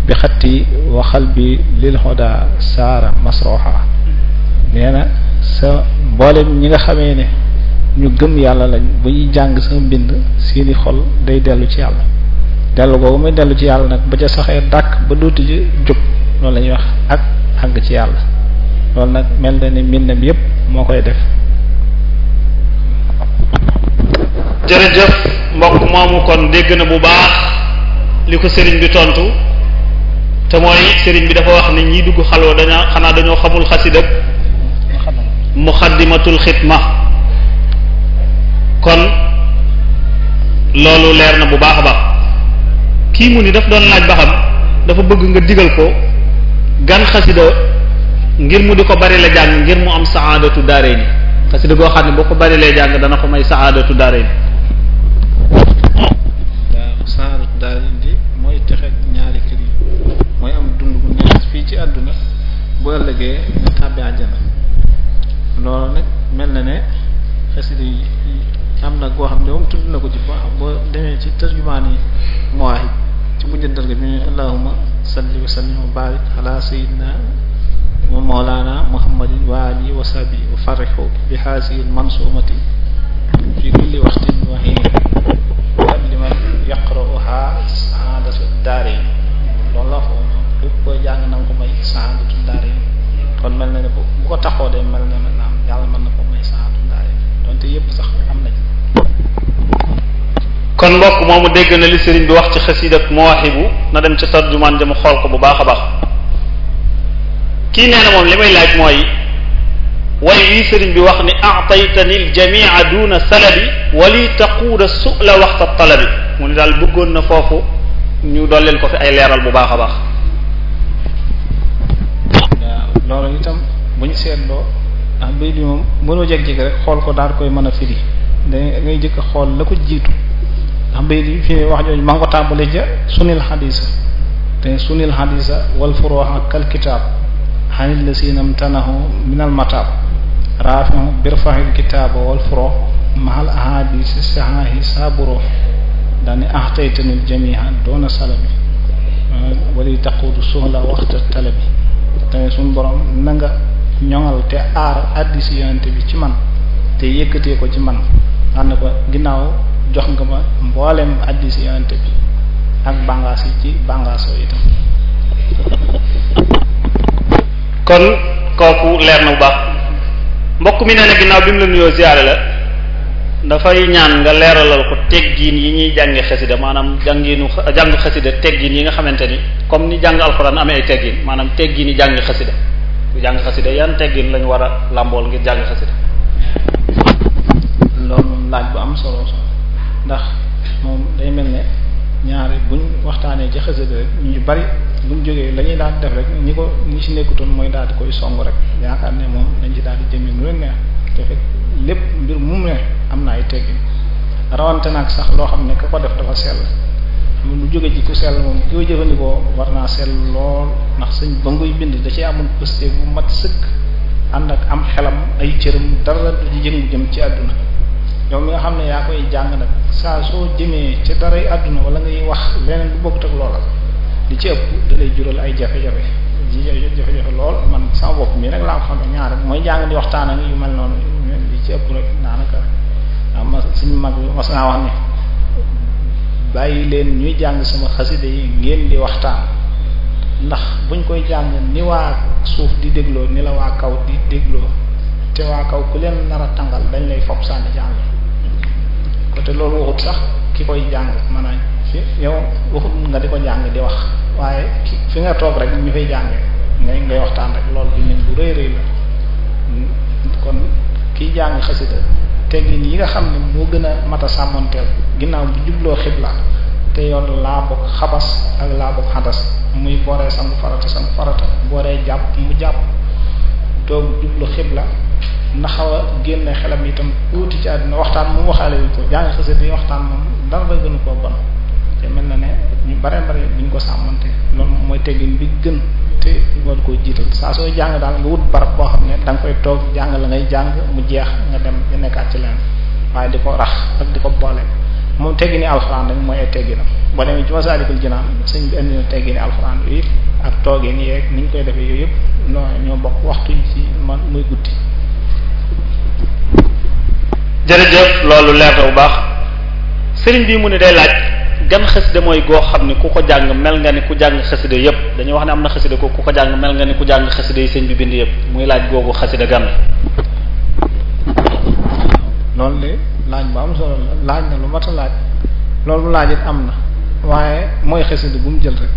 bi xatti waxal bi lil xoda saara masroxa nee na sa mboolem ñi nga xamee ne ñu gëm yàlla lañ bu ñuy jàng sama mbind seeni xol day dellu ci yàlla dellu googu muy dellu ci yàlla nag ba ca saxee dàkk ba dootu ji loolu la ñuy wax ak àgg ci yàlla loolu nag mel na ni mbindam moo koy def jërëjëf mbokk moomu kon dégg na bu baax li ko sëriñ bi tontu te mooy sëriñ bi dafa wax ni ñi dugg xalwa xanaa dañoo xamul xasida muxaddimatul xitma kon loolu leer na bu baax a baax kii mu ni daf doon laaj ba xam dafa bëgg nga digal ko gan xasida ngir mu di ko bari la jàng ngir mu am saadatu daaree ni xasida goo xam ne boo ko bari lay jàng dana ko may saadatu daaree ni waaw saadatu daaree ni mooy texe ñaari kër yi mooy am dund bu neex fii ci àdduna bu ëllëgee nga tàbbi loolu nag mel na ne xasida yi am na goo xam ne moom tudd na ko ci boo boo demee ci tërjumaan yi mu ci mujjëndal ga bi ñu allahuma salli wa sallim wa barik ala sayyidina wa mawlana muhammadin wa ali wa sabi wa farrihu bi hazihi almansumati fi kulli waqtin wa hin wa liman yaqra'uha saadatu daari loolu la foofu noonu képp koy jàng na nga ko may saadatu daari kon mel na ne bu ko taxoo day mel ne mel na yàlla mën na ko may saadatu daari donte yépp sax am na ci kon mbokk moomu dégg na li sëriñ bi wax ci xasiid ak mawaahibu na dem ca tarjumaan ja mu xool ko bu baax a baax kii nee na moom li may laaj mooy way wii sëriñ bi wax ni ataytani aljamia duna salabi wali taquuda sula waxta talabi mu ni daal bëggoon na foofu ñu dolleel ko fi ay leeral bu baax a baax loolu itam bu ñu seetloo ndax bay bi moom mënoo jeg-jeg rek xool ko daal koy mën a firi da ngay jëkk xool la ko jiitu ndax bayit bi fi wax jooju maa ko tàmbalee ca sunil xadisa te sunil xadisa wal furuha kal kitaab xanil la siinam tanahu minal mataab raafihu birfahil kitaaba wal furo mahal ahadisi sahahi saburo daane axtaytanil jamiha doona salabi wali taqudu soxla waxta talabi te suñ borom nanga nga ñoŋal te aar addisi yonente bi ci man te yëkkatee ko ci man ànd ko ginnaaw jox nga ma mboolem addis yonent bi ak bàngaas yi ci bàngaasoo itam kon kooku leer na bu baax mbokk mi nee na ginnaaw bi mu la nuyoo ziyaare la dafay ñaan nga leeralal ko teggiin yi ñuy jànge xasida maanaam jàngiinu jàng xasida teggiin yi nga xamante ni comme ni jàng alxuraan amee ay teggiin maanaam teggiin yi jàng xasida bu jàng xasida yan teggiin lañu war a làmbool ngir jàng xasida loolu moom laaj bu am solo solo ndax moom day mel ne ñaare buñ waxtaanee ci xasida rek ñu bari buñ jógee la ñuy daal def rek ñi ko ñi ci nekkutoon mooy daal di koy song rek yaakaar ne moom dañ ci daal di jëmee lu leen neex te lépp mbir mu am na ay teggin rawante sax loo xam ne ka def dafa sell xam lu jóge ci ku sell moom ki jëfandikoo war naa sell lool ndax sëñ ba nguy bind da cee amul pëste bu mat sëkk ànd ak am xelam ay cëram dara du yëngu jëm ci àdduna yow mi nga xam ne yaa koy jàng nag saa soo jëmee ci daray àdduna wala ngay wax leneen lu bokkut ak loola li ci ëpp da lay jural ay jafe-jafe jafe-jafe lool man sama bopp mii rek laa ko xam ne ñaar mooy jàng di waxtaan ak yu ñu noonu li ci ëpp rek naanaka ma suñu mag mas naa wax ne ñuy jàng sama xasida yi ngeen di waxtaan ndax buñ koy jàng ni waa suuf di dégloo ni la waa kaw di dégloo te waa kaw ku leen nar a tàngal dañ lay fob sànni jàng te loolu waxut sax ki koy jàng maanaam fi yow waxut nga di ko jàng di wax waaye ki fi nga toog rek ñu fay jàng ngay ngay waxtaan rek lool bi bu rëy rëy la kon kiy jàng xasida teggin yi nga xam ne moo gën a mat a sàmmanteel ginnaaw bi jubloo xibla te yoon laa bokk xabas ak laa bokk xadas muy booree sangu farata sangu farata booree jàpp mu jàpp toog jublu xibla na xaw a génne xelam itam tuuti ci àdduna waxtaan moom waxaale wu ko jàng xasida yi waxtaan moom dara ba gënu koo bon te mel na ne ñu bare bare duñ ko sàmmante loolu mooy teggin bi gën te war koo jiital saa sooy daal nga wut barab boo xam ne da koy toog jàng la ngay mu jeex nga dem di nekkaat ci leneen waaye di ko rax ak di ko boole moom teggini alxuraan rek mooy ay tegginam boo demee ci ko Jinaan sëñ bi indi na teggini alxuraan yooyu ak toogee nii rek ni ñu koy defee yooyu yëpp ñoo ñoo bokk waxtu yi ci man muy guddi jërëjëf loolu leer bu baax sëriñ bii mu ne day laaj gan xasida mooy goo xam ne ku ko jàng mel nga ni ku jàng xasida yépp dañuy wax ne am na xasida ko ku ko jàng mel nga ni ku jàng xasida yi sëñ bi bind yépp muy laaj googu xasida gan la loolu de laaj bu am solo laaj na lu mat a laaj loolu laaj it am na waaye mooy xasida bu mu jël rek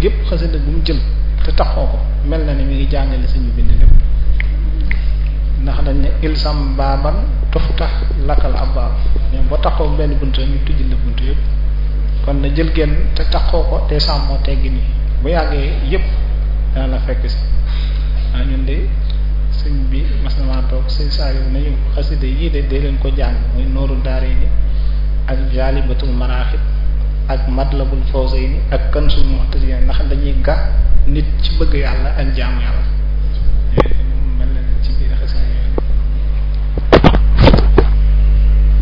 gépp xasida bu mu jël te taxoo ko mel na ni mi ngi jàngale sëñ bi bind lépp ndax dañ ne ilsam baaban tuftax lakkal abwaab ñoom boo taxoo benn bunt rek ñu tijji la bunt yëpp kon na jël genn te taxoo ko te sàmmoo teggi nii bu yàggee yëpp dana la fekk si waaw ah, ñun de sëñ bi mas na maa toog sëñ saa yu nañu xasida yii de dee leen ko jàng muy nooru daare ni ak jaalibatul maraaxib ak matlabul fawzayni ak kansul muhtadin ndax dañuy ga nit ci bëgg yàlla ak jaamu yàlla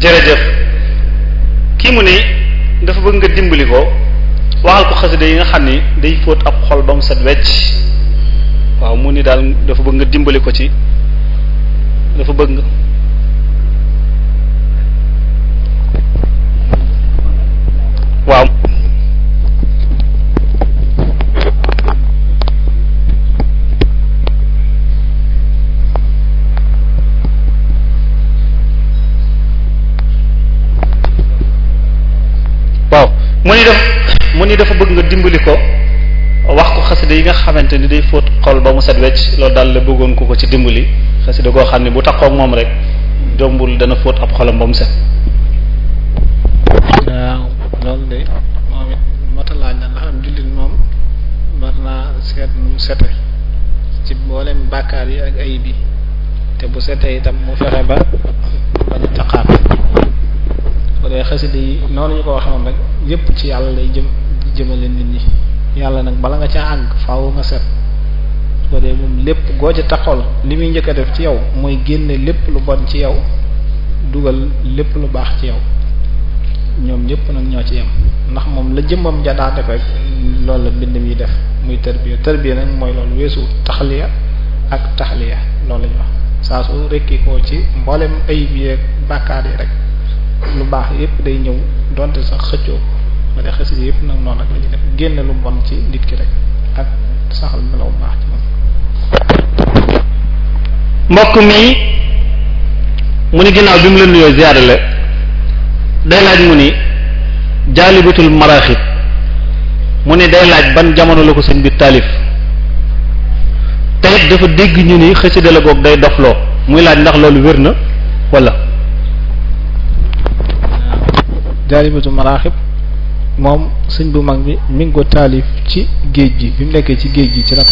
jërëjëf kii mu ne dafa bëgg nga dimbali ko waxal ko xasida yi nga xam ni day fóot ab xol ba mu set wecc waaw mu ni daal dafa bëgg nga dimbali ko ci dafa bëgg nga waaw mu ni def mu ni dafa bëgg nga dimbali ko wax ko xasida yi nga xamante ni day fóot xol ba mu set wecc loolu daal la bëggoon ko ko ci dimbali xasida koo xam ne bu taxoo moom rek dombul dana fóot ab xolam ba mu set de moom it mata laaj na ndax am jullit moom war naa seet mu sete ci mboolem bàkkaar yi ak ayib yi te bu setee itam mu fexe ba bañ a taqaat bu dee xasida yi noonu ñu ko waxoon rek yépp ci yàlla lay jëm jëmale nit ñi yàlla nag bala nga ca àgg faw nga set su ko dee moom lépp goo ca taxol li muy njëkk a def ci yow mooy génne lépp lu bon ci yow dugal lépp lu baax ci yow ñoom ñëpp nag ñoo ci yem ndax moom la jëmmam ja daa def loolu la mbind mi def muy tarbiya tarbiya nag mooy loolu weesu taxliya ak taxliya loolu la ñu saa su rekki koo ci mboolem ayib yeeg bàkkaar yi rek lu baax yépp day ñëw donte sax xëccoo ba dee xasida yëpp nag noonu rek la ñu def génne lu bon ci nit ki rek ak saxal melaw baax ci moom mbokk mi mu ni ginnaaw bi mu la nuyoo ziyaare la day laaj mu ni jaalibatul maraxib mu ni day laaj ban jamono la ko sëñ bi taalif te it dafa dégg ñu ni xasida la goog day dofloo muy laaj ndax loolu wér na walla jaalibatu maraaxib moom sëñ bu mag bi mi ngi ko taalif ci géej gi bi mu nekkee ci géej gi ci la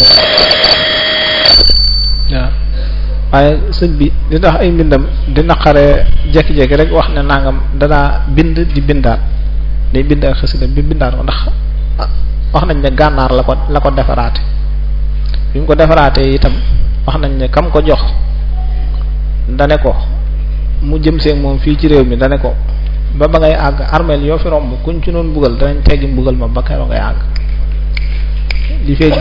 waaye sëñ bi li tax ay mbindam di naqaree jekki-jekki rek wax ne nangam danaa bind di bindaat day bind ak xasida bi bindaat ko ndax wax nañ ne gànnaar la ko la ko defaraate bi mu ko defaraatee itam wax nañ ne kam ko jox ne ko mu jëm seeg moom fii ci réew mi ne ko ba ba ngay àgg armeel yoo fi romb kuñ ci noonu mbugal danañ teggi mbugal ma ba keroog ngay àgg li fekk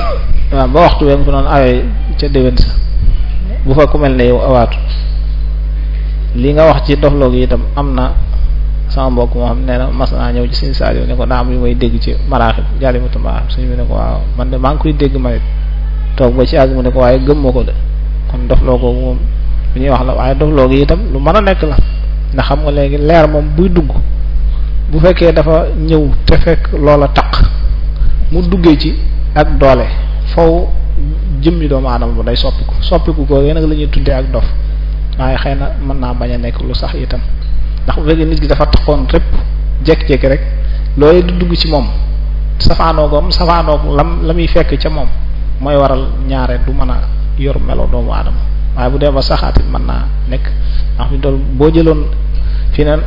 waaw ba waxtu ween ko noonu awee ca déwén sa bu fa ku mel ne yow awaatu nga wax ci dofloog yi itam am na sama mbokk xam nee na mas ñëw ci suñu saal ne ko daa am yu may ci maraaxib jaalimatu maraaxib suñu bi ne waaw man de maa ngi koy dégg manit toog ba ci àgg mu ne ko waaye gëm ko de kon dofloo ko moom bu ñuy wax la waaye dofloo gi itam lu mën a nekk la ndax xam nga léegi leer moom buy dugg bu fekkee dafa ñëw te fekk loola taq mu duggee ci ak doole faw jëmmi doomu aadama bu day soppiku soppiku ko yéen nag la ñuy tuddee ak dof waaye xëy na mën naa bañ a nekk lu sax itam ndax bu fekkee nit ki dafa taxoon répp jekk-jekk rek loolee du dugg ci moom safaanoo goom safaanoo lam la muy fekk ca moom mooy waral ñaare du mën a yor melo doomu aadama waaye bu dee ba saxaatit mën naa nekk am ñu toll boo jëloon fi naan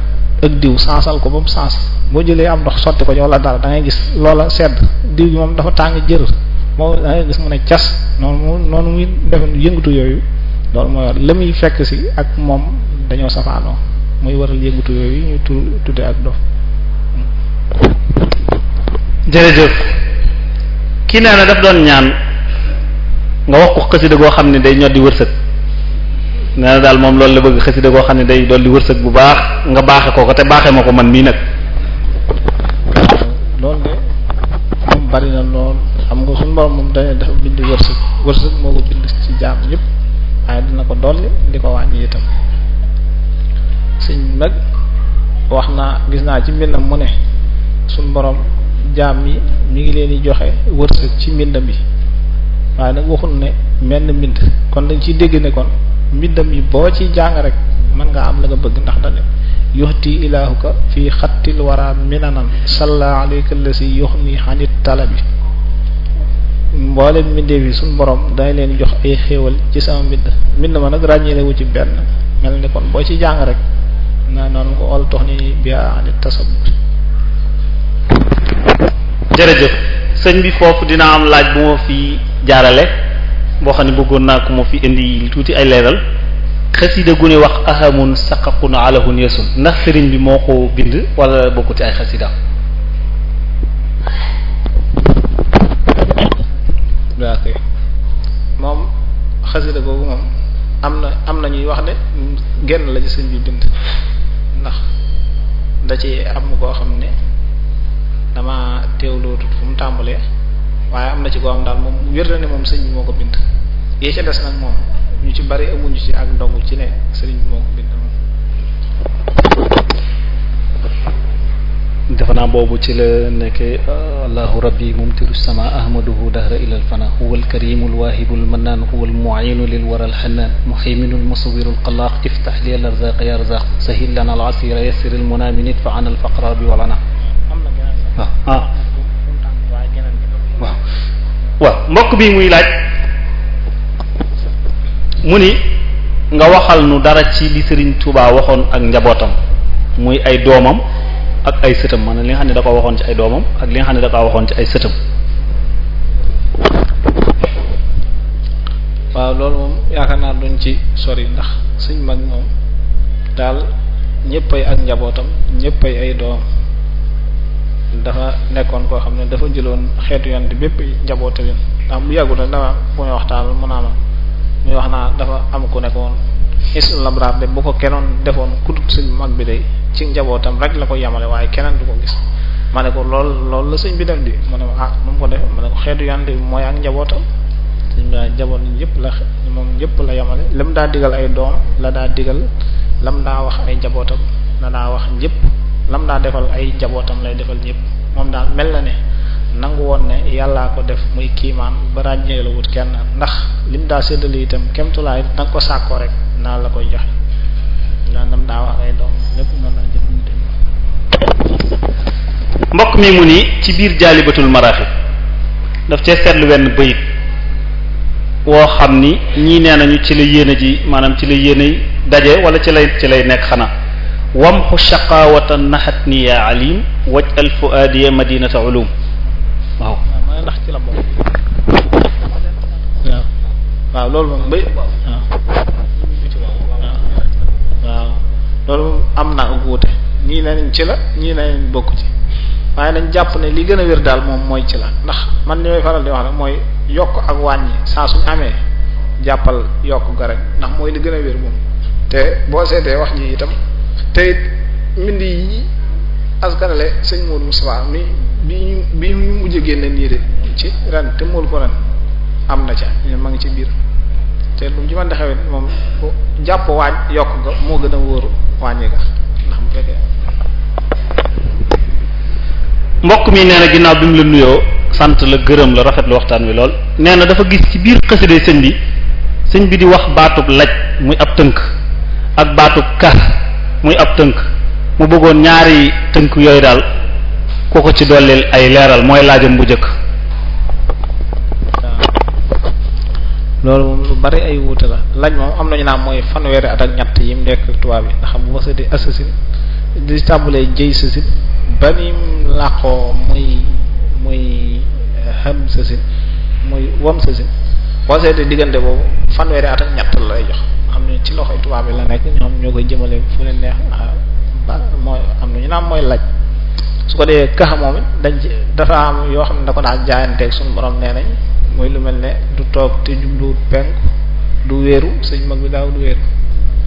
diw sansal ko ba mu boo jëlee am ndox ko ci wala dara da gis loola sedd diw moom dafa tàng jër moo da ngay gis mu ne cas fekk si ak moom dañoo safaanoo muy waral yëngatu yooyu ñu tu tudde ak dof jërëjëf daf doon ñaan nga wax ko xasida goo xam ne day ñoo di wërsëg nee na daal moom loolu la bëgg xasida koo xam ne day dolli wërsëg bu baax nga baaxe ko ko te baaxee ma ko man mii nag. lool de moom bari na lool xam nga suñu borom moom dañuy dafa bind wërsëg wërsëg moo ko bind ci jaam yépp waaye dina ko dolli di ko wàññi itam sëñ nag wax naa gis naa ci mbindam mu ne suñu borom jaam yi mu ngi leen di joxe wërsëg ci mbindam mi waaye nag waxul ne menn mbind kon dañ ci dégg ne kon mbindam yi boo ci jàng rek mën nga am la nga bëgg ndax dane yuxti ilaahuka fii xattil wara minanan salla alayka lasi yuxni xanit talabi mboolem mbindeef yi suñ borom day leen jox ay xéewal ci sama mbind mbind ma nag ràññeelewu ci benn mel ni kon boo ci jàng rek naa noonu ko wala tox ni bia anit tasabur jërëjëf sëñ bi foofu dina am laaj bu ma fii jaarale boo xam ne bëggoon naa ko moo fi indi tuuti ay leeral xasida gu ne wax ahamun saqaqun alahun yesun ndax sëriñ bi moo ko bind wala bokku ci ay xasidaam moom xasida boobu moom am na am na ñuy wax ne genn la ci sëriñ bi bind ndax da ci am koo xam ne dama teewlootul fu mu tàmbalee waaye am na ci koo am daal moom wér na ne moom sëñ bi moo ko bind yee ca des nag moom ñu ci bari amuñu ci ak ndongu ci ne sëriñ bi moo ko bind moom defe naa boobu ci la nekke allahu rabbi mumtiru sama ahmaduhu dahra ila alfana huwa alkarimu alwahibu almannan huwa almuinu lilwara alhannan muhayminu almusawiru alqallaq iftah li alarzaq ya arzaq sahil lana alasira yassir almuna min idfa an alfaqra bi walana waaw ah, ah. waaw mbokk bii muy laaj mu ni nga waxal nu dara ci li sëriñ tuubaa waxoon ak njabootam muy ay doomam ak ay sëtam maanaam li nga xam ne da waxoon ci ay doomam ak li nga xam ne da waxoon ci ay sëtam. waaw loolu moom yaakaar naa duñ ci sori ndax suñ mag moom daal ñëppay ak njabootam ñëppay ay doomam. dafa nekkoon koo xam ne dafa jëloon xeetu yonent bépp njabootu leen ndax bu yàggu nag dama bu may waxtaan mu naa ma muy wax naa dafa am ku nekkoon isl labraar de bu ko kenoon defoon kudut sëñ mag bi day ci njabootam rek la ko yemale waaye keneen du ko gis ma ne ko lool lool la sëñ bi def di mu ne ah nu ko def ma ne xeetu yonent mooy ak njabootam sëñ bi daal njaboot yëpp la moom yëpp la yemale lam daa digal ay doom la daa digal lam daa wax ay njabootam la daa wax ñëpp lam daa defal ay jabootam lay defal ñëpp moom daal mel na ne nangu woon ne yàllaa ko def muy kiimaan ba ràññee la wut kenn ndax lim daa séddale itam kemtulaay nag ko sàkkoo rek naa la koy joxe daa nam daa wax ay mbokk mi mu ni ci biir jaalibatul marafi daf cee seetlu wenn bayit woo xam ni ñii nee nañu ci la yéene ji maanaam ci la yéene daje wala ci lay ci lay nekk xanaa wamxu shaqaawata naxat ni yaa alim waj al fuaadiya madinata ulum waaw ndax ci la bokk waaw waaw loolu moom bay waaw loolu am na ak wuute ñii nañ ci la ñii nañ bokk ci waaye nañ jàpp ne li gën a wér daal moom mooy ci la ndax man ñooy faral di wax mooy yokk ak wàññi saa suñ amee jàppal yokk ga ndax mooy li gën a wér moom te boo seetee wax ji itam te it mbind yi askanale sëñ Maodo Moustapha mi bi ñu bi ñu mujj génne nii ci ren te moolu ko ren am na ca ñun ma ngi ci biir te lu mu ci moom jàpp yokk moo gën a wóoru wàññi nga ndax mu fekkee mbokk mi nee ginnaaw bi mu la nuyoo sant la gërëm la rafet lu waxtaan wi lool nee na dafa gis ci biir xësidee sëñ bi sëñ bi di wax baatub laj muy ab tënk ak baatub kar muy ab tënk mu bëggoon ñaari tënk yooyu daal ku ko ci dollil ay leeral mooy laajam bu jëkk loolu moom lu bari ay wuute la laaj moom am nañu naa mooy fanweeri at ak ñett yi mu nekk tubaab yi ndax bu ma sa di assassin di tàmbalee jëy sasin ba ni làqoo muy muy xam eh, sasin muy wam sasin boo seetee diggante boobu fanweeri at ak ñett la lay jox xam ne ci loxo tubaab yi la nekk ñoom ñoo koy jëmale fu leen neex ah, ba mooy am na ñu naan mooy laaj su ko dee kaxa dañ ci am yoo xam ne da ko daan jaayanteeg suñu borom mooy lu mel ne du toog te jubluwut penk du wéeru sëñ mag bi daaw du wéeru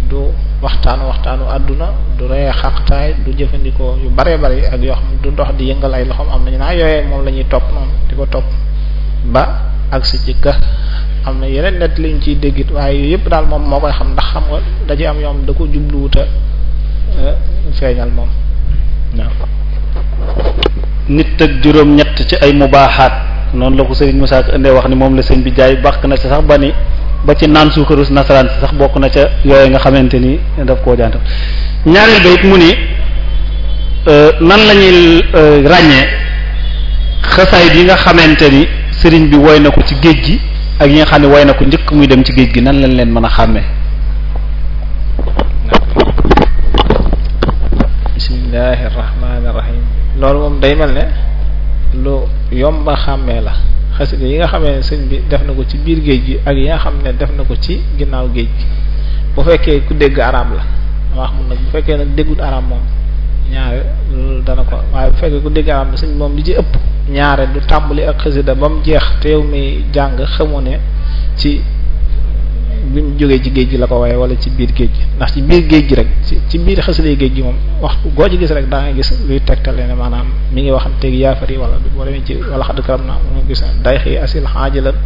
du waxtaanu waxtaanu àdduna du ree xaqtaay du jëfandikoo yu bare bare ak yoo xam du dox di yëngal ay am nañu naa yooyee moom la ñuy topp noonu di ko topp ba ak ci ka xam na yeneen nett liñ ciy déggit waaye yooyu yëpp daal moom moo koy xam ndax xam nga da am yoo xam da ko jubluwuta eh, feeñal moom waaw nit ak juróom-ñett ci ay mubaaxaat noonu la ko sëriñ Moussa Ka indee wax ni moom la sëñ bi jaay bàq na ci sax ba ni ba ci naan suukarus nasaraan si sax bokk na ca yooyu nga xamante ni daf koo jaantam ñaareel ba it mu ni eh, nan la ñuy eh, ràññee xasaay nga xamante ni sëriñ bi woy na ko ci géej gi ak yi nga xam ne way na ko njëkk muy dem ci géej gi nan lañ leen mën a xàmmee bismillahi rahmaani rahim loolu moom day mel ne lu yomba xàmmee la xasida yi nga xamee sëñ bi def na ko ci biir géej gi ak yi nga xam ne def na ko ci ginnaaw géej gi bu fekkee ku dégg arab la wax mun nag bu fekkee nag déggul arab moom ñaare loolu dana ko waaye bu fekkee ku dégg arab bi sëñ moom li ci ëpp ñaare du tàmbali ak xasida ba mu jeex te mi jàng xamu ne ci bi mu jógee ci géej gi la ko waaye wala ci biir géej gi ndax ci biir géej gi rek ci biir xasida géej gi moom waxtu goo ci gis rek daa nga gis luy tegtale ne maanaam mi ngi waxanteeg yaafar yi wala wala mi ci wala xadd karam na mu gis day xëy asil xaajilan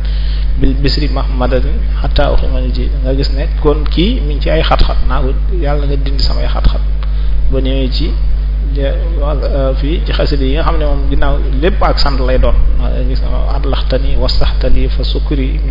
bil bisri mahmadani xataa uximal ji nga gis ne kon kii mi ngi ci ay xat-xat naa ko yàlla nga dindi samay xat-xat ba ñëwee ci Euh, fii ci xasida yi nga xam ne moom ginnaaw lépp ak sant lay doon gis nga adlaxtani wasaxtali fa